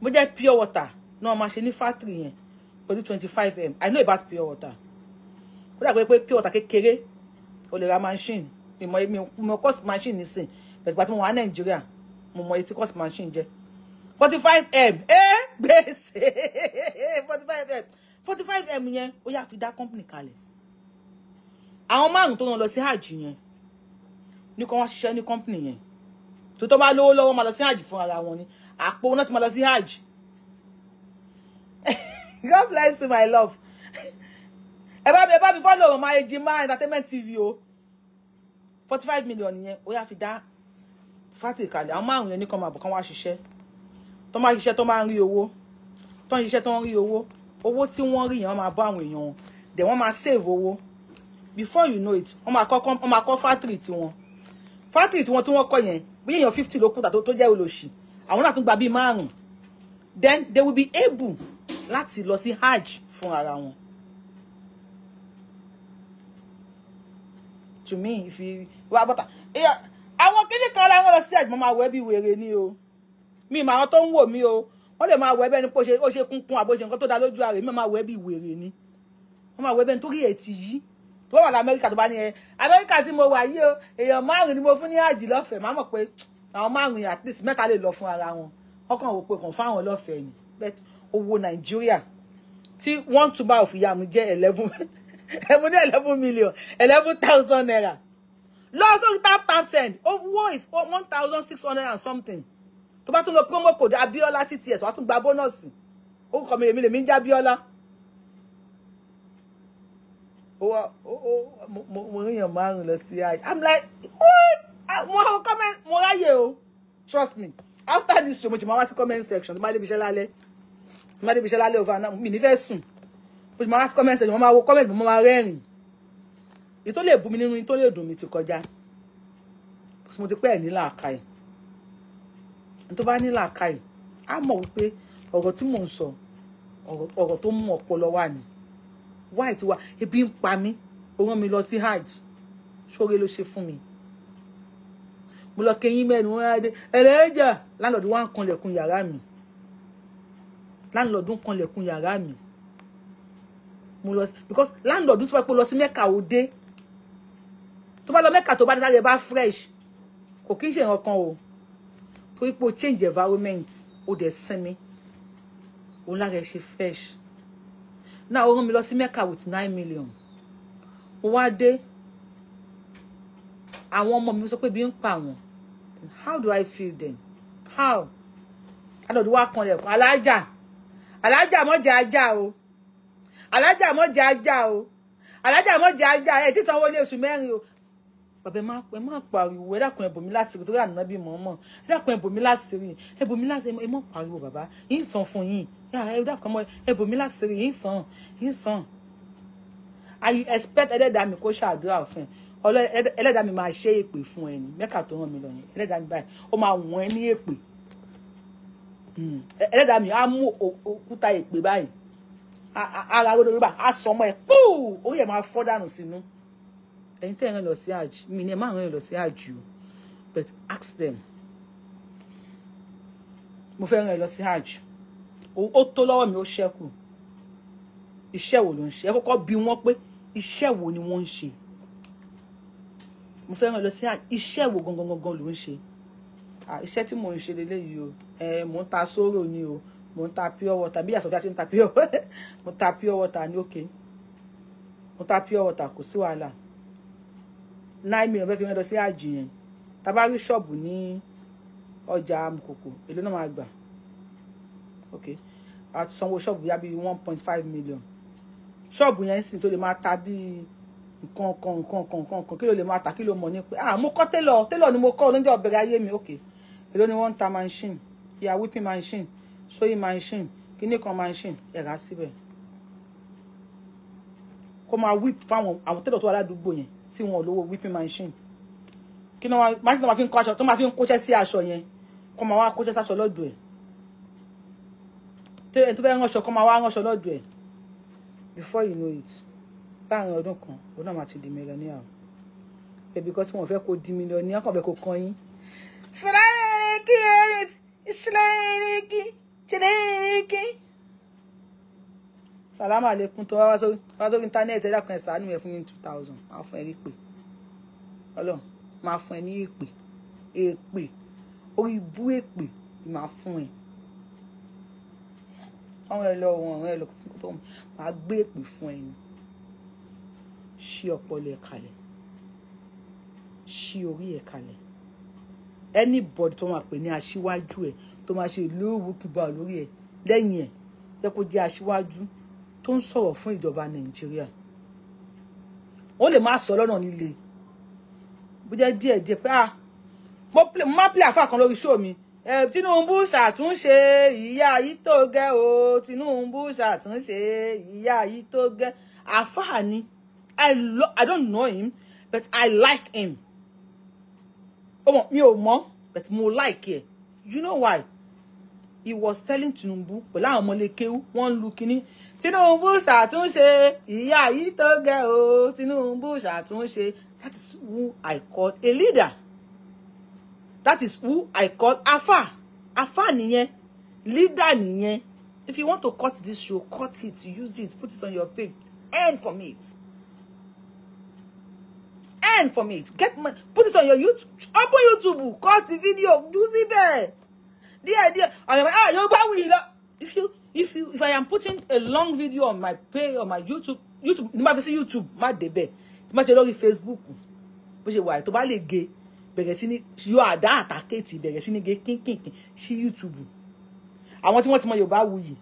bó jẹ́ pure water náà máa ṣe ní fátìrì yẹn pẹ̀lú twenty five m i know about pure water kódà pé pure water kékeré o lè ra machine ìmọ̀ ìmọ̀ cost machine nìsín bẹ̀rẹ̀ pàtó mo wà nàìjíríà mo mọ etí cost machine jẹ́ forty five m ee gbèsè forty five m forty five m yẹn ó yà fi dá company kalẹ̀ àwọn márùn tó ń lọ sí hajj yẹn ní kó wọ́n ṣiṣẹ́ ní company yẹn tó tọ́ bá lówó lọ́wọ́ máa lọ sí hajj fún ara wọn ni àpò náà ti máa lọ sí hajj God bless you my love ẹ bá mi ẹ bá mi follow Mama Ejima Entertainment TV o forty five million yẹn ó yà fi dá fátìrì kalẹ̀ àwọn márùn yẹn ní kan máa bọ̀ kán wá ṣiṣẹ́ tó máa ṣiṣẹ́ tó máa ń rí owó tó ń ṣiṣẹ́ tó ń rí owó owó tí wọ́n rí yẹn wọ́n máa bọ́ àwọn èèyàn wọn dẹ̀ wọ́n máa save owó before you know it wọ́n máa kọ́ wọ́n máa kọ́ fátìrì tiwọn fátìrì tiwọn tí wọ́n kọ́ yẹn bí èèyàn fifty ló kù tà tó jẹ́ olóṣì àwọn náà tún gba bíi márùn then they will be able láti lọ sí hajj fún ara wọn. to me if you wá bọ́tà àwọn kíní kan láwọn lọ sí àjùmọ̀ máa wọ ẹ́ bí wèrè ni o mi mà àwọn tó ń wò mí o wọ́n lè máa wọ ẹ́ bẹ́ẹ̀ ni pé ó ṣe kúnkún àbóṣe nǹkan tó dá lójú ààrẹ mi máa wọ ẹ́ bí wèrè ni wọ́n máa wọ ẹ́ bẹ́ẹ̀ nítorí ètì yìí tó wà lamẹ́ríkà tó bá ní ẹ amẹ́ríkà tí mo wà yìí o èèyàn márùn ni mo fún ní àjì lọ́fẹ̀ẹ́ má mọ̀ pé àwọn márùn yìí at least mẹ́ta lè lọ fún ara wọn ọkàn wò pé kàn fáwọn lọ́fẹ̀ẹ́ ni bẹ́ẹ̀ owó nàìjíríà tí one tuber of yam jẹ́ eleven ẹ mo ní eleven million eleven thousand naira lọ sórí tap tap send owó is one thousand six hundred and something tó bá tún lọ promo code abiola tts wàá tún gba bónọ́ọ̀sì orúkọ mi lèmi lèmi ń jẹ́ abiola ó wá mo ríyàn márùn lọ sí àyè i'm like what ah, mo àwọn comment mo ráyè o trust me after this show mo ti máa wá sí comment section tó máa débi iṣẹ́ lálẹ́ tó máa débi iṣẹ́ lálẹ́ over now mi ní fẹ́ sùn mo ti máa wá sí comment section mo máa wo comment mo máa rẹ́rìn ìtó lè bú mi nínú ìtó lè dùn mi ti kọjá mo ti pẹ́ ẹ̀ ní làákàyè tó bá ní làákàyè á mọ̀ wípé ọ̀rọ̀ tí mò ń sọ ọ̀rọ̀ tó mú ọpọlọ wà ní wáì tí wà ebi ń pa mí ó rán mi lọ sí hajj ṣóore ló ṣe fún mi mo lọ kẹyìn mẹ́rin wọn á ẹlẹ́jà láńlọ́ọ̀dù wá ń kanlẹ̀kùn yàrá mi láńlọ́ọ̀dù kanlẹ̀kùn yàrá mi mo lọ sí because láńlọ́ọ̀dù sọ pé mo lọ sí mẹ́ka òde tó bá lọ mẹ́ka tó bá dé sáré bá fresh kò kí n ṣe nǹkan o torí pé change environment o dẹ̀ sinmi òun lára ẹ ṣe fresh náà ó rán mi lọ sí mẹ́ka with nine million mo wá dé àwọn ọmọ mi sọ pé bí ń pa how do I feel then how adọ̀dọ̀ wa kan lẹ̀kọ́ alájà alájà mọ́ jẹ́ ajá o alájà mọ́ jẹ́ ajá o alájà mọ́ jẹ́ ajá ẹ̀ tí sanwó ní oṣù mẹ́rin o bàbá ẹ má ẹ má pariwo ẹ dákun ẹ bò mí láṣìírí torí ànábì mọ̀ọ́mọ̀ ẹ dákun ẹ bò mí láṣìírí ẹ bò mí láṣìírí ẹ má pariwo bàbá yín sàn fún yín ẹ dákun ẹ bò mí láṣìírí yín sàn yín sàn i expect ẹlẹ́dàá mi kó ṣàdúrà fún ẹ ọlọ ẹlẹ́dàá mi máa ṣe èpè fún ẹ ní mẹ́kà tó ràn mí lọ yẹn ẹlẹ́dàá mi báyìí ó máa wọ̀n ẹ ní èpè hmm. ẹlẹ́dàá mi á mú òkúta èpè báyìí ara lórí bá a sọ ọmọ ẹ púù orí ẹ máa fọ́ dànù sínú ẹ̀yin tẹ́ ẹ̀ lọ sí àjù mi ni ẹ̀ máa but ask them mo fẹ́ ràn yín lọ sí àjù ó tó lọ́wọ́ mi ó ṣẹ́kù iṣẹ́ wo ló ń ṣe ẹ kọ́kọ́ bi wọ́n pé iṣẹ́ wo ni wọ́n ń ṣe mo fẹ́ ràn lọ sí iṣẹ́ wo gangan gangan ló ń ṣe iṣẹ́ tí mò ń ṣe lélẹ́yìí o mò ń ta sóró ni o mò ń pure water bí àsọfíà ti ń ta pure water mo ta pure water ní òkè mo ta pure water kò sí wàhálà nine million fẹ́ fi wọ́n lọ sí àjì yẹn tábà rí ṣọ́ọ̀bù ní ọjà amukoko èlò náà máa gbà ok àti sanwó ṣọ́ọ̀bù yá bíi one point five million ṣọ́ọ̀bù yẹn sì tó lè máa ta bíi nǹkan kan nǹkan kan nǹkan kan kí ló lè máa ta kí ló mọ̀ ní pé ah mo kọ́ télọ̀ télọ̀ ni mo kọ́ lóúnjẹ ọ̀bẹ̀rẹ̀ ayé mi ok èlò ni wọ́n ń ta machine ìyá whipping machine sewing machine kíní kan machine ẹ̀rá síbẹ̀ kó máa whip fáwọn àwọn télọ̀ tó wà ládùúgbò yẹn tí wọn ò whipping machine kí ni wọn machine tó máa fi ń kó aṣọ tó máa fi ń kóṣẹ́ sí aṣọ yẹn kó máa wá kóṣẹ́ sáṣọ lọ́dọ̀ ẹ̀ tó ẹni tó fẹ́ ránṣọ kó máa wá ránṣọ lọ́dọ̀ ẹ̀ before you know it láàrin ọdún kan òun náà máa ti di millionaire ẹ̀ because wọn fẹ́ kó di millionaire kàn fẹ́ kó kan yín. sọ̀rọ̀ ẹ̀rẹ̀ kí ẹ̀rẹ̀ Salama lẹkùn tó wá sórí íńtánẹ́ẹ̀tì ẹ̀dá kan ẹ̀ sàánú ẹ̀ fún mi two thousand máa fún ẹ ní ìpè ọlọ́run máa fún ẹ ní ìpè èpè orí ibú èpè máa fún ẹ ọ̀run ẹ lọ ọ̀run ẹ lọ fún tó máa gbé èpè fún ẹ ni ṣí ọpọlọ ẹ kalẹ̀ ṣí orí ẹ anybody tó máa pè ní aṣíwájú ẹ tó máa ṣe ìlú ìwúkìbá lórí ẹ lẹ́yìn ẹ jẹ́ kó jẹ́ aṣíwájú tó ń sọ̀rọ̀ fún ìjọba nàìjíríà wọ́n lè má sọ lọ́nà líle bó jẹ́ díẹ̀ díẹ̀ pé ah, mo má play àfa kan lórí show mi tinubu ṣàtúnṣe ìyá yìí tó gẹ́ o tinubu ṣàtúnṣe ìyá yìí tó gẹ́ àfa ni i lo i don't know him but i like him ọmọ mi ò mọ̀ but mo like ẹ you know why he was telling tinubu pẹ̀lú àwọn ọmọlẹ́kẹ́wù wọ́n ń lu kínní Tinubu ṣàtúnṣe ìyá yìí tó gẹ o Tinubu ṣàtúnṣe that is who I call a leader that is who I call afa afa nìyẹn leader nìyẹn if you want to cut this show cut it use it put it on your page earn from it earn from it get my. put it on your YouTube open YouTube cut the video do it there díẹ̀ díẹ̀ ah Yorùbá wuyì lọ if you if you if i am putting a long video on my pay on my youtube youtube you ma see sí youtube má débẹ̀ tí ma ṣe lórí facebook but ṣe wà tó bá lè ge bẹ̀rẹ̀ sí ní yọ àdá àtàkéètì bẹ̀rẹ̀ sí ní ge kínkìnkìn sí youtube àwọn tí wọ́n ti mọ yorùbá wuyì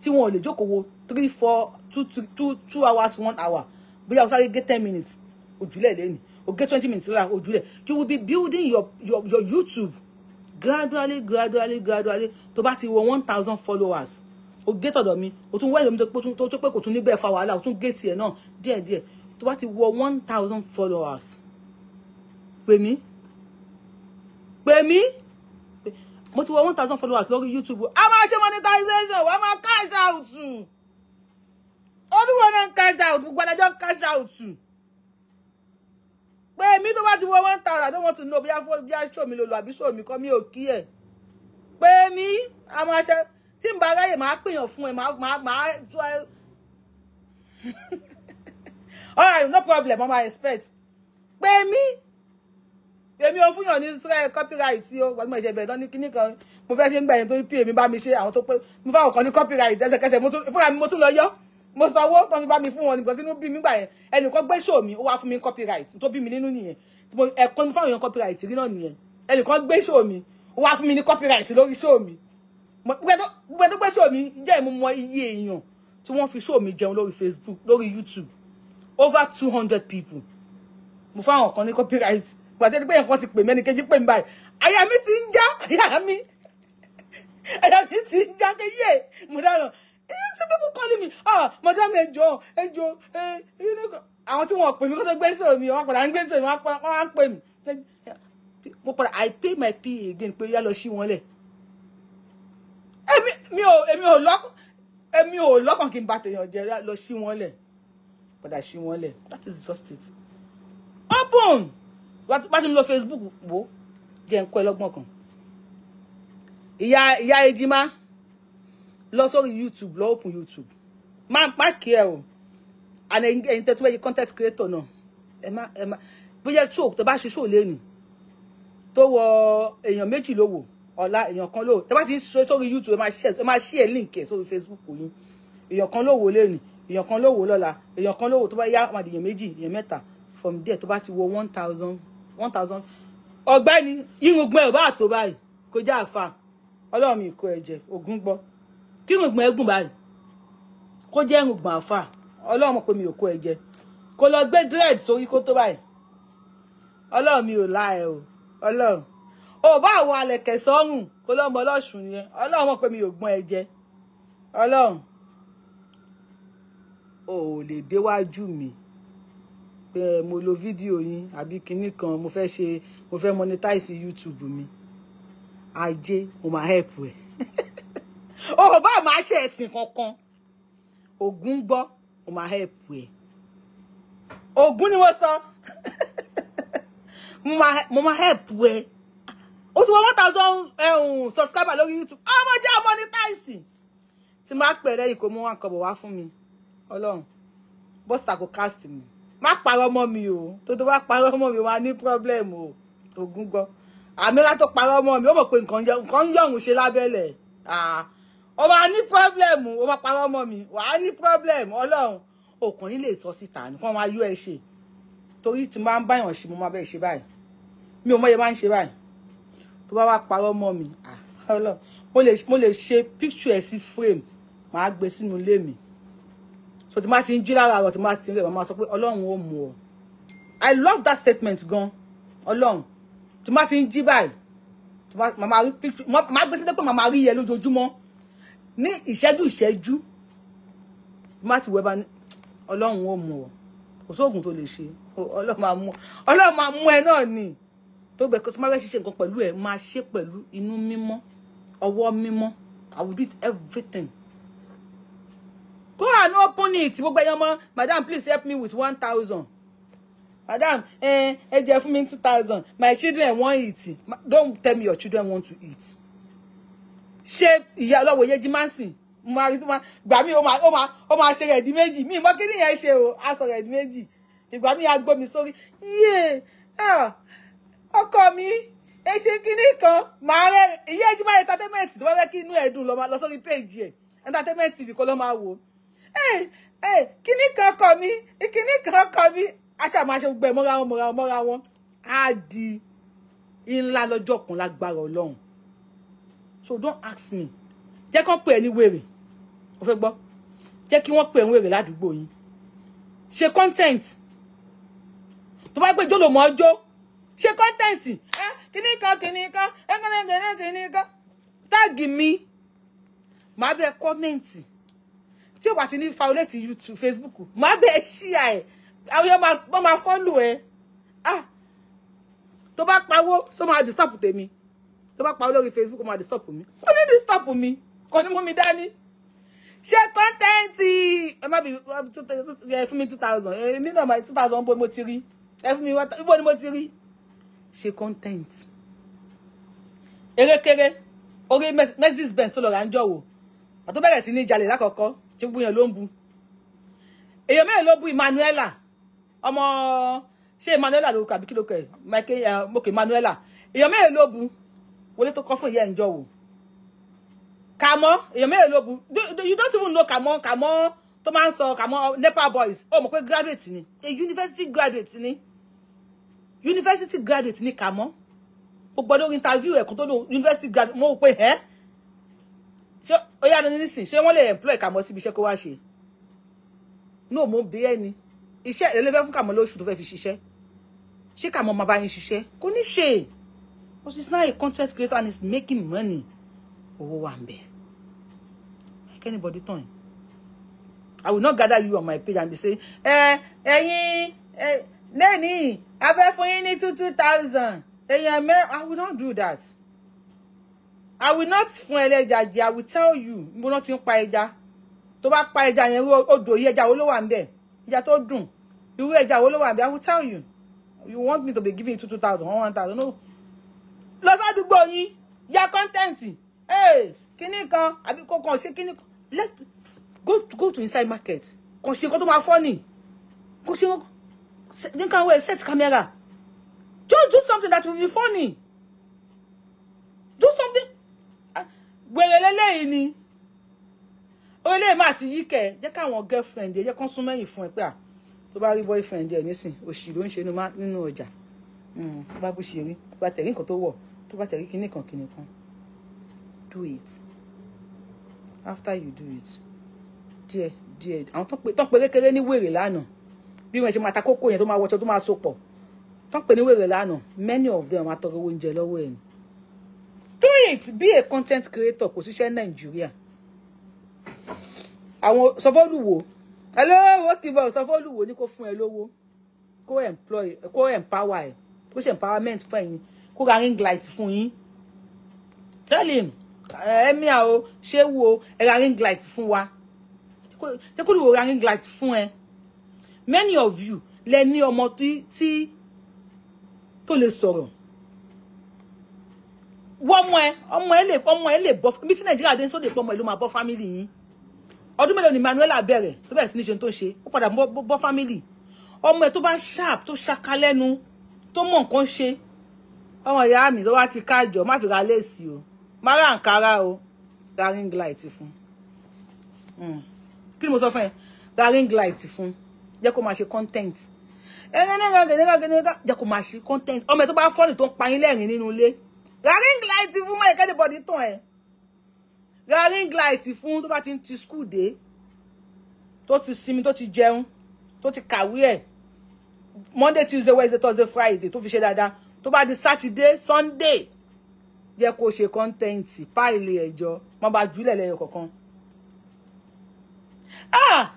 tí wọn ò lè jókòó wo three four two two two two hours one hour bóyá o sáré get ten minutes ojúlẹ̀ lẹ́nu o get twenty minutes lára ojúlẹ̀ you will be building your your your youtube gradually gradually gradually tó bá ti one thousand followers o gé tọ̀dọ̀ mi o tún wá ìlú mi tó tó pé kò tún níbẹ̀ fa wàhálà o tún gé tiẹ̀ náà díẹ̀díẹ̀ tó bá ti wọ one thousand followers pè mí pè mí mo ti wọ one thousand followers lórí YouTube a máa ṣe monetization wàá máa cash out olúwo náà ń cash out gbogbo adájọ́ ń cash out pé èmi tó bá ti wọ one thousand I don't want to know bí a show mi lò lò àbí show mi kọ́ mi ò kí ẹ̀ pé èmi a máa ṣe tí n bá ráyè máa pèèyàn fún ẹ máa máa tó ẹ. all right no problem ọmọ expect pé mi èmi ò fúnyàn ní israel copyright o wọ́n mọ̀ ìṣẹ̀bẹ̀ lọ́ní kíní kan mo fẹ́ ṣe ń gbẹ̀yìn tó ń pè mí bá mi ṣe àwọn tó pé mo fáwọn kan ní copyright ẹsẹ̀kẹsẹ̀ fúnra mi mo tún lọ yọ́ mo sanwó tán fi bá mi fún wọn nígbà tí inú bí mi gbà yẹn ẹnìkan gbé ṣò mi ó wá fún mi copyright tó bí mi nínú nìyẹn ẹ̀kọ́ ni fáwọn èèyàn copyright rí náà nìyẹn ẹnìkan gbé ṣò mi ó wá fún mi ní copyright lórí ṣò mi gbogbo ẹni tó gbé ṣòmí jẹ́ ìmú mọ iye èèyàn tí wọ́n fi ṣòmí jẹun lórí Facebook lórí YouTube over two hundred people mo fáwọn kan ní copyright gbàdé pé nǹkan ti pè mẹ́ni kejì pè mí báyìí àyà mi ti ń já àyà mi àyà mi ti ń já kéyè mo dáná iye people calling me ah madam ẹjọ ẹjọ ẹ àwọn tí wọn pè mí kó tó gbé sóò mi wọn padà ń gbé sóò mi wọn á pè mí mo padà i pay my pay again pé yá lọ sí wọn lẹ mi ò èmi ò lọ́kàn èmi ò lọ́kàn kí n bá tèèyàn jẹ lọ sí wọn lẹ̀ padà sí wọn lẹ̀ that is just it open bá ti ń lo facebook wo jẹ́ ń kọ́ ẹ lọ́gbọ́n kan ìyá ìyá ejima lọ sórí youtube lọ open youtube má má kí ẹ o and ẹ̀yin tẹ́ tún bẹ́ẹ̀ yí content creator náà ẹ má ẹ má bóyá show tó bá ṣe show lẹ́nu tó wọ èèyàn méjì ló wò ọ̀la èèyàn kan ló tẹ́ bá ti ń ṣe sórí youtube ẹ máa ṣe ẹ máa ṣe ẹ link ẹ sórí facebook yín èèyàn kan ló wò lónìí èèyàn kan ló wò lọ́la èèyàn kan ló wò tó bá yá máa dèèyàn méjì èèyàn mẹ́ta from there tó bá ti wo one thousand one thousand ọ̀gbẹ́ni irùngbọ̀n ẹ ò bá tó báyìí kó já àfa Ọlọ́run mi kó ẹ̀jẹ̀ ògún gbọ́ kí irùngbọ̀n ẹ gùn báyìí kó jẹ́ irùngbọ̀n àfa Ọlọ́run pé mi ò kó ẹ̀jẹ̀ kó lọ gbé dread sórí kó tó báyìí Ọlọ́run mi ò la ẹ o Ọlọ́run ò ba àwọn àlẹ̀kẹ̀ sọ́rùn kó lọ́mọ ọlọ́sùn yẹn ọlọ́run mọ̀ pé mi ò gbọ́n ẹ jẹ ọlọ́run ò lè déwájú mi pé mo lo fídíò yín àbí kinní kan mo fẹ́ ṣe mo fẹ́ monetize YouTube mi ajé mo máa help ẹ̀ ò bá máa ṣe ẹ̀sìn kankan ògún gbọ́ mo máa help ẹ̀ ògún ni mo sọ mo máa help ẹ̀ ó ti wọ one thousand um, subscriber lórí youtube ọmọ jẹ́ ọmọ ní táìsì tí máa pẹ̀rẹ́ yìí kò mú wọn kọ̀bọ̀ wá fún mi ọlọ́run bọ́sítà kò cast mi má parọ́ mọ́ mi o tó tó bá parọ́ mọ́ mi wà ní problem o ògún gan àmìlá tó parọ́ mọ́ mi ó mọ̀ pé nǹkan ń yọ̀hún ṣe lábẹ́lẹ̀ ó máa ní problem ó máa parọ́ mọ́ mi wà á ní problem ọlọ́run òkàn nílé ìtọ́ síta nìkan máa yọ ẹ ṣe torí tí máa ń báyàn ṣe mo máa bẹ́ẹ̀ ṣe báyìí mi ò mọ̀ yẹ máa ń ṣe báyìí tó bá wá parọ́ mọ́ mi mo lè ṣe picture ẹ̀ sí frame màá gbé sínú ilé mi so tí má ti ń jí lára ọ̀rọ̀ tí má ti ń rẹ̀ màá sọ pé ọlọ́run ó mú ọ i love that statement gan ọlọ́run tí má ti ń jí báyìí màá rí picture màá gbé sílẹ̀ pé màá rí yẹ lójoojúmọ́ ní ìṣẹ́jú ìṣẹ́jú má ti wẹ̀ bá ọlọ́run ó mú ọ kò sóògùn tó lè ṣe ọlọ́run máa mú ẹ náà nìyí tó gbẹ kó sọmọgbẹ ṣiṣẹ́ nǹkan pẹ̀lú ẹ máa ṣe pẹ̀lú inú mímọ́ ọwọ́ mímọ́ i will do it everything go and open it gbogbo ẹyọ mọ madam please help me with one thousand madam ẹ ẹ jẹ fún mi two thousand my children wan eat don't tell me your children want to eat ṣé ìyá ọlọ́wọ́ yẹjí máa ń sìn gbà mí ó máa ó máa ṣe rẹ̀ di méjì mí mọ́ kí nìyẹn ṣe o a sọ rẹ̀ di méjì ìgbà mí a gbọ́ mi sórí yé ah, ọkọ mi ẹ ṣe kinní kan màá rẹ ìyá ẹjúmọ́ entertainment tó bá fẹ́ kí inú ẹ̀ dùn lọ sórí péjì ẹ̀ entertainment tv kó lọ́ máa wò ẹ̀ ẹ̀ kinní kan ọkọ mi kinní kan ọkọ mi àti àwọn aṣọ gbẹ mọ́ra wọn mọ́ra wọn mọ́ra wọn á di ńlá lọ́jọ́ kan lágbára ọlọ́run so don't ask me jẹ́ kán pè é ní wèrè o fẹ́ gbọ́ jẹ́ kí wọ́n pè é ní wèrè ládùúgbò yín ṣe content tó bá gbé jólòmọ́ ọjọ́ ṣe kọ́ńtẹ́ǹtì ẹ kíní kan kíní kan ẹ kíní kíní kíní kan táàgì mi màá bẹ kọ́mẹ̀ǹtì tí o bá ti ní faulẹ́ẹ̀tì youtube facebook màá bẹ ṣíà ẹ àwọn yẹn wọ́n máa fọ́lù ẹ ah tó bá pawó tó máa disturb tèmi tó bá pawó lórí facebook máa disturb mi kò ní disturb mi kò ní mú mi dání ṣe kọ́ńtẹ́ǹtì ẹ má bí ẹ fún mi two thousand èmi náà two thousand bó mo ti rí ẹ fún mi ibo ni mo ti rí She content erékeré orí mercedes benz tó lọ rà ń jọ̀wọ́ àtó bẹ̀rẹ̀ sí ní jalè lákọ̀ọ́kọ́ tí gbogbo èèyàn ló ń bu èèyàn mẹ́rin ló bu emmanuela ọmọ ṣé emmanuela ló kàbí kí ló kẹ mọkè emmanuela èèyàn mẹ́rin ló bu wọlé tó kọ́ fún ìyá ẹ̀ ń jọ̀wọ́ kàmọ́ èèyàn mẹ́rin ló bu you don't even know Kamo. Kamo. tó máa ń sọ boys Oh, mọ̀ pé graduate ni a university graduate ni university graduate ní kàmọ́ ó gbọ́dọ̀ interview e tó lóun university graduate mo pe ẹ́ ṣé ó yá ni nísìn ṣé wọ́n lè employ si síbi iṣẹ́ kó wá ṣe no mo bí ẹni iṣẹ́ ẹlẹ́fẹ́ fún kàmọ́ lóṣù tó fẹ́ fi ṣiṣẹ́ ṣé kàmọ́ máa bá yín ṣiṣẹ́ kò ní ṣe but he's now a content creator and he's making money owó wà ń like anybody tán I will not gather you on my page and be saying ẹ̀yin. Eh, eh, eh, Nani? I fẹ́ fún you ní two two thousand èèyàn mẹ́ I will not do that I will not fún ẹlẹ́jà I will tell you I will not ń pa ẹja To back pa ẹja yẹn odò yìí ẹja wo will wà ń bẹ̀ ẹja tó dùn irú ẹja wo ló wà ń I will tell you you want me to be giving you two two thousand one one thousand no lọ sádùúgbò yín ya content kíní kan àbí kò kàn sí kíní kan let go go to inside market kàn ṣe nǹkan tó máa fọ́ nì kò think I will set camera. Just do something that will be funny. Do something. Ah, wèrè lélẹ́yìí ni. Olè máa ti yí kẹ̀. Jẹ́ káwọn girlfriend ẹ̀ jẹ́ kán sún mẹ́yìn fún ẹ pé à. Ah, tó bá rí boyfriend ẹ̀ nísìn, òṣì ló ń ṣe nínú ọjà. Hmm, tó bá bó ṣe rí, tó bá tẹ̀rí nǹkan tó wọ̀, tó bá tẹ̀rí kinní kan kinní kan. Do it. After you do it. Dear, Díẹ̀ díẹ̀ àwọn tó ń pe lékeré ní wèrè lánàá bí wọ́n ṣe máa ta kókó yẹn tó máa wọṣọ tó máa so pọ̀ tán pè ní wèrè lánàá many of them máa tọrọ owó oúnjẹ lọ́wọ́ ẹ̀ ni. do it be a content creator kò síṣẹ́ nàìjíríà àwọn sọfọ́lùwò ẹlọ́wọ́ kìbọ̀ sọfọ́lùwò ní kó fún ẹ lówó kó employ kó empower ẹ kó ṣe empowerment fún ẹ̀yin kó ra ring light fún yín tell him ẹ̀mí eh, àwọn ṣé wo ẹ ra ring light fún wa jẹ́ kó lè wo ra ring light fún ẹ many of you lẹ ní ọmọ tí tó lè sọ̀rọ̀ wọ́mọ ẹ ọmọ ẹ lè ọmọ ẹ lè bọ́ bí tí nàìjíríà dé sóde pọ́ ọmọ ẹ ló máa bọ́ fámìlì yín ọdún mélòó ni Manuela bẹ̀rẹ̀ tó bẹ̀rẹ̀ sí ní ṣe tó ṣe ó padà bọ́ fámìlì ọmọ ẹ tó bá sharp tó ṣaka lẹ́nu tó mọ̀ nǹkan ṣe ọmọ ìyá mi tó wá ti kájọ má fi ra léèsì o má ra àǹkárá o ra ring light fún hmm. kí ni mo sọ fún ẹ ra ring light fún jẹ́ kó máa ṣe content jẹ́ kó máa ṣe content ọmọ ẹ̀ tó bá fọ́ọ̀nì tó ń pa yín lẹ́rìn nínú ilé ra ring light fún mọ́ ìkẹ́ni bọ̀dí tàn ẹ̀ ring light fún tó bá ti ti school dé tó ti sinmi tó ti jẹun tó ti kàwé ẹ̀ monday tuesday wednesday thursday friday tó fi ṣe dáadáa tó bá di saturday sunday jẹ́ kó ṣe kọ́ńtẹ́ǹtì páìlì ẹ̀jọ́ má bá jùlẹ̀ lẹ́yìn kọ̀ọ̀kan. ah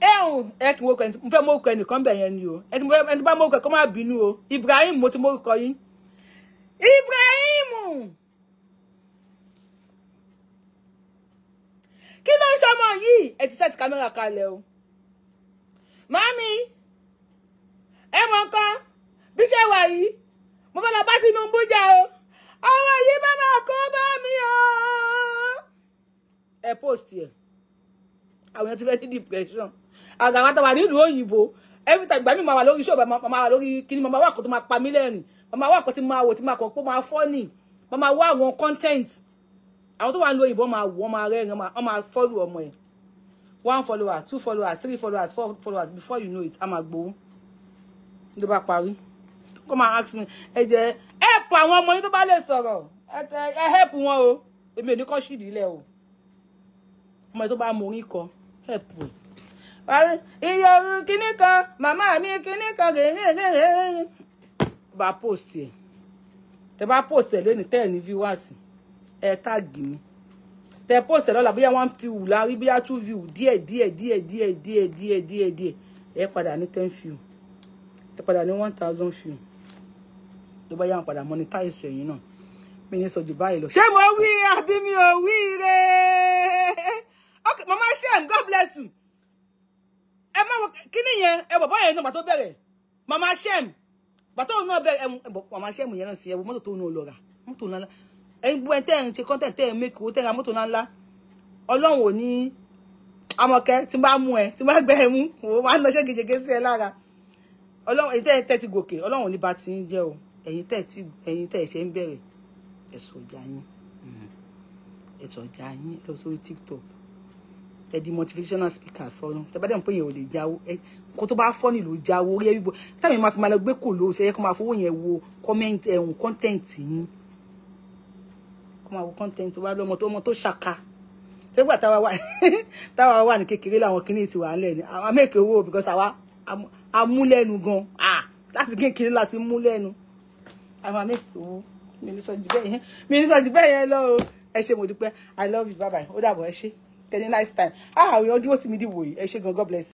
ẹ̀hún ẹ kì í mọ̀kọ mo fẹ́ mọ̀kọ ẹnìkan bẹ̀ yẹn ni o ẹ ti bá mọ̀kọ kọ́ má bínú o Ibrahim mo ti mọ̀kọ yín Ibrahim kí ló ń ṣọmọ yìí ẹ ti sẹ́ẹ̀tì kámẹ́rà kalẹ̀ o mami ẹ mọ̀ nǹkan bí ṣe wà yìí mo fẹ́ lọ bá Tinubu jà o ọmọ yìí bá máa kó bá mi o ẹ post yẹn àwọn ti fẹ́ ní depression àgàwà tó wà nílùú òyìnbó every time ìgbà mi máa wà lórí iṣẹ́ òbá máa wà lórí kíní máa wà kó tó máa pa mí lẹ́rìn máa wà kó tí máa wò tí máa kọ̀ pé máa fọ́nì máa wá àwọn content àwọn tó wà nílùú òyìnbó máa wò máa rẹ́rìn wọ́n máa follow ọmọ ẹ̀ one follower two followers three followers four followers before you know it a máa gbowó ló bá parí kó máa ask me ẹ jẹ help àwọn ọmọ yín tó bá lè sọ̀rọ̀ ẹ help wọn o èmi ò ní kọ́ ṣìdí ilẹ̀ o ọmọ yín tó bá mọ orin kọ help ẹ̀ iye ooru kínní kan màmá mi kínní kan gèrègèrè bá post ẹ tẹ bá post ẹ lẹni tẹ ẹ ní viewers ẹ táàgì mi tẹ post ẹ lọ́la bóyá one view la rí bóyá two view díẹ̀ díẹ̀ díẹ̀ díẹ̀ díẹ̀ díẹ̀ díẹ̀ díẹ̀ ẹ padà ní ten view ẹ padà ní one thousand view tó bá yá wọn padà monetize ẹ̀yin náà mi ní sọ jù báyìí lọ ṣé mo wí àbí mi ò wí rẹ ok mama shem god bless you ẹ má wo kíní yẹn ẹ bọ̀bọ̀ yẹn náà bàtó bẹ̀rẹ̀ màmá shem bàtó òun náà bẹ̀rẹ̀ màmá shem yẹn náà sí ẹ wo mọ́tò tó ń lọ rà mọ́tò ńlá ńlá ẹ̀yin gbogbo ẹ̀ tẹ́ ẹ̀ ń ṣe kọ́ńtẹ̀ tẹ́ ẹ̀ mẹ́kì owó tẹ́ ra mọ́tò ńlá ńlá ọlọ́run o ní amọ̀kẹ́ tí bá mú ẹ tí bá gbẹ ẹ mú o wá lọ ṣé gègé sí ẹ lára ọlọ́run èyí tẹ́ ẹ tẹ́ ti gòkè ọlọ́run ò ní ba ti ń o ẹ̀yin tẹ́ ti ẹ̀yin tẹ́ ẹ ṣe ń bẹ̀rẹ̀ ẹ̀sọ̀ ọjà yín ẹ̀sọ̀ ọjà yín ẹ lọ sórí tiktok ẹ di motivational speaker sọnù tẹ bá dẹ̀ ń pè yẹn ò lè jáwó ẹ kó tó bá fọ́ nílò jáwó orí ẹbí bo táwọn èèyàn máa fi máa lọ gbé kò lóò ṣe yẹ kó máa fowó yẹn wo comment ẹ̀hún content yín kó máa wo content wa lọ́mọ tó mọ tó ṣàkà tẹ́gbà táwa wà táwa wà ní kékeré làwọn kìíní ti wà ńlẹ̀ ni àwọn amẹ́kẹ̀ owó because àwa amúlẹ́nu gan ah láti kékeré láti múlẹ́nu àwọn amẹ́kẹ̀ owó mi ní sọ jù bẹ́ẹ̀ yẹn mi ní sọ jù bẹ́ẹ̀ yẹn lọ ẹ ṣé mo dúpẹ́ i love you bye bye ó dàbọ̀ ẹ ṣé tẹ̀lé nice time ah àwọn èèyàn dúró tì mí dìbò yìí ẹ ṣé gan god bless.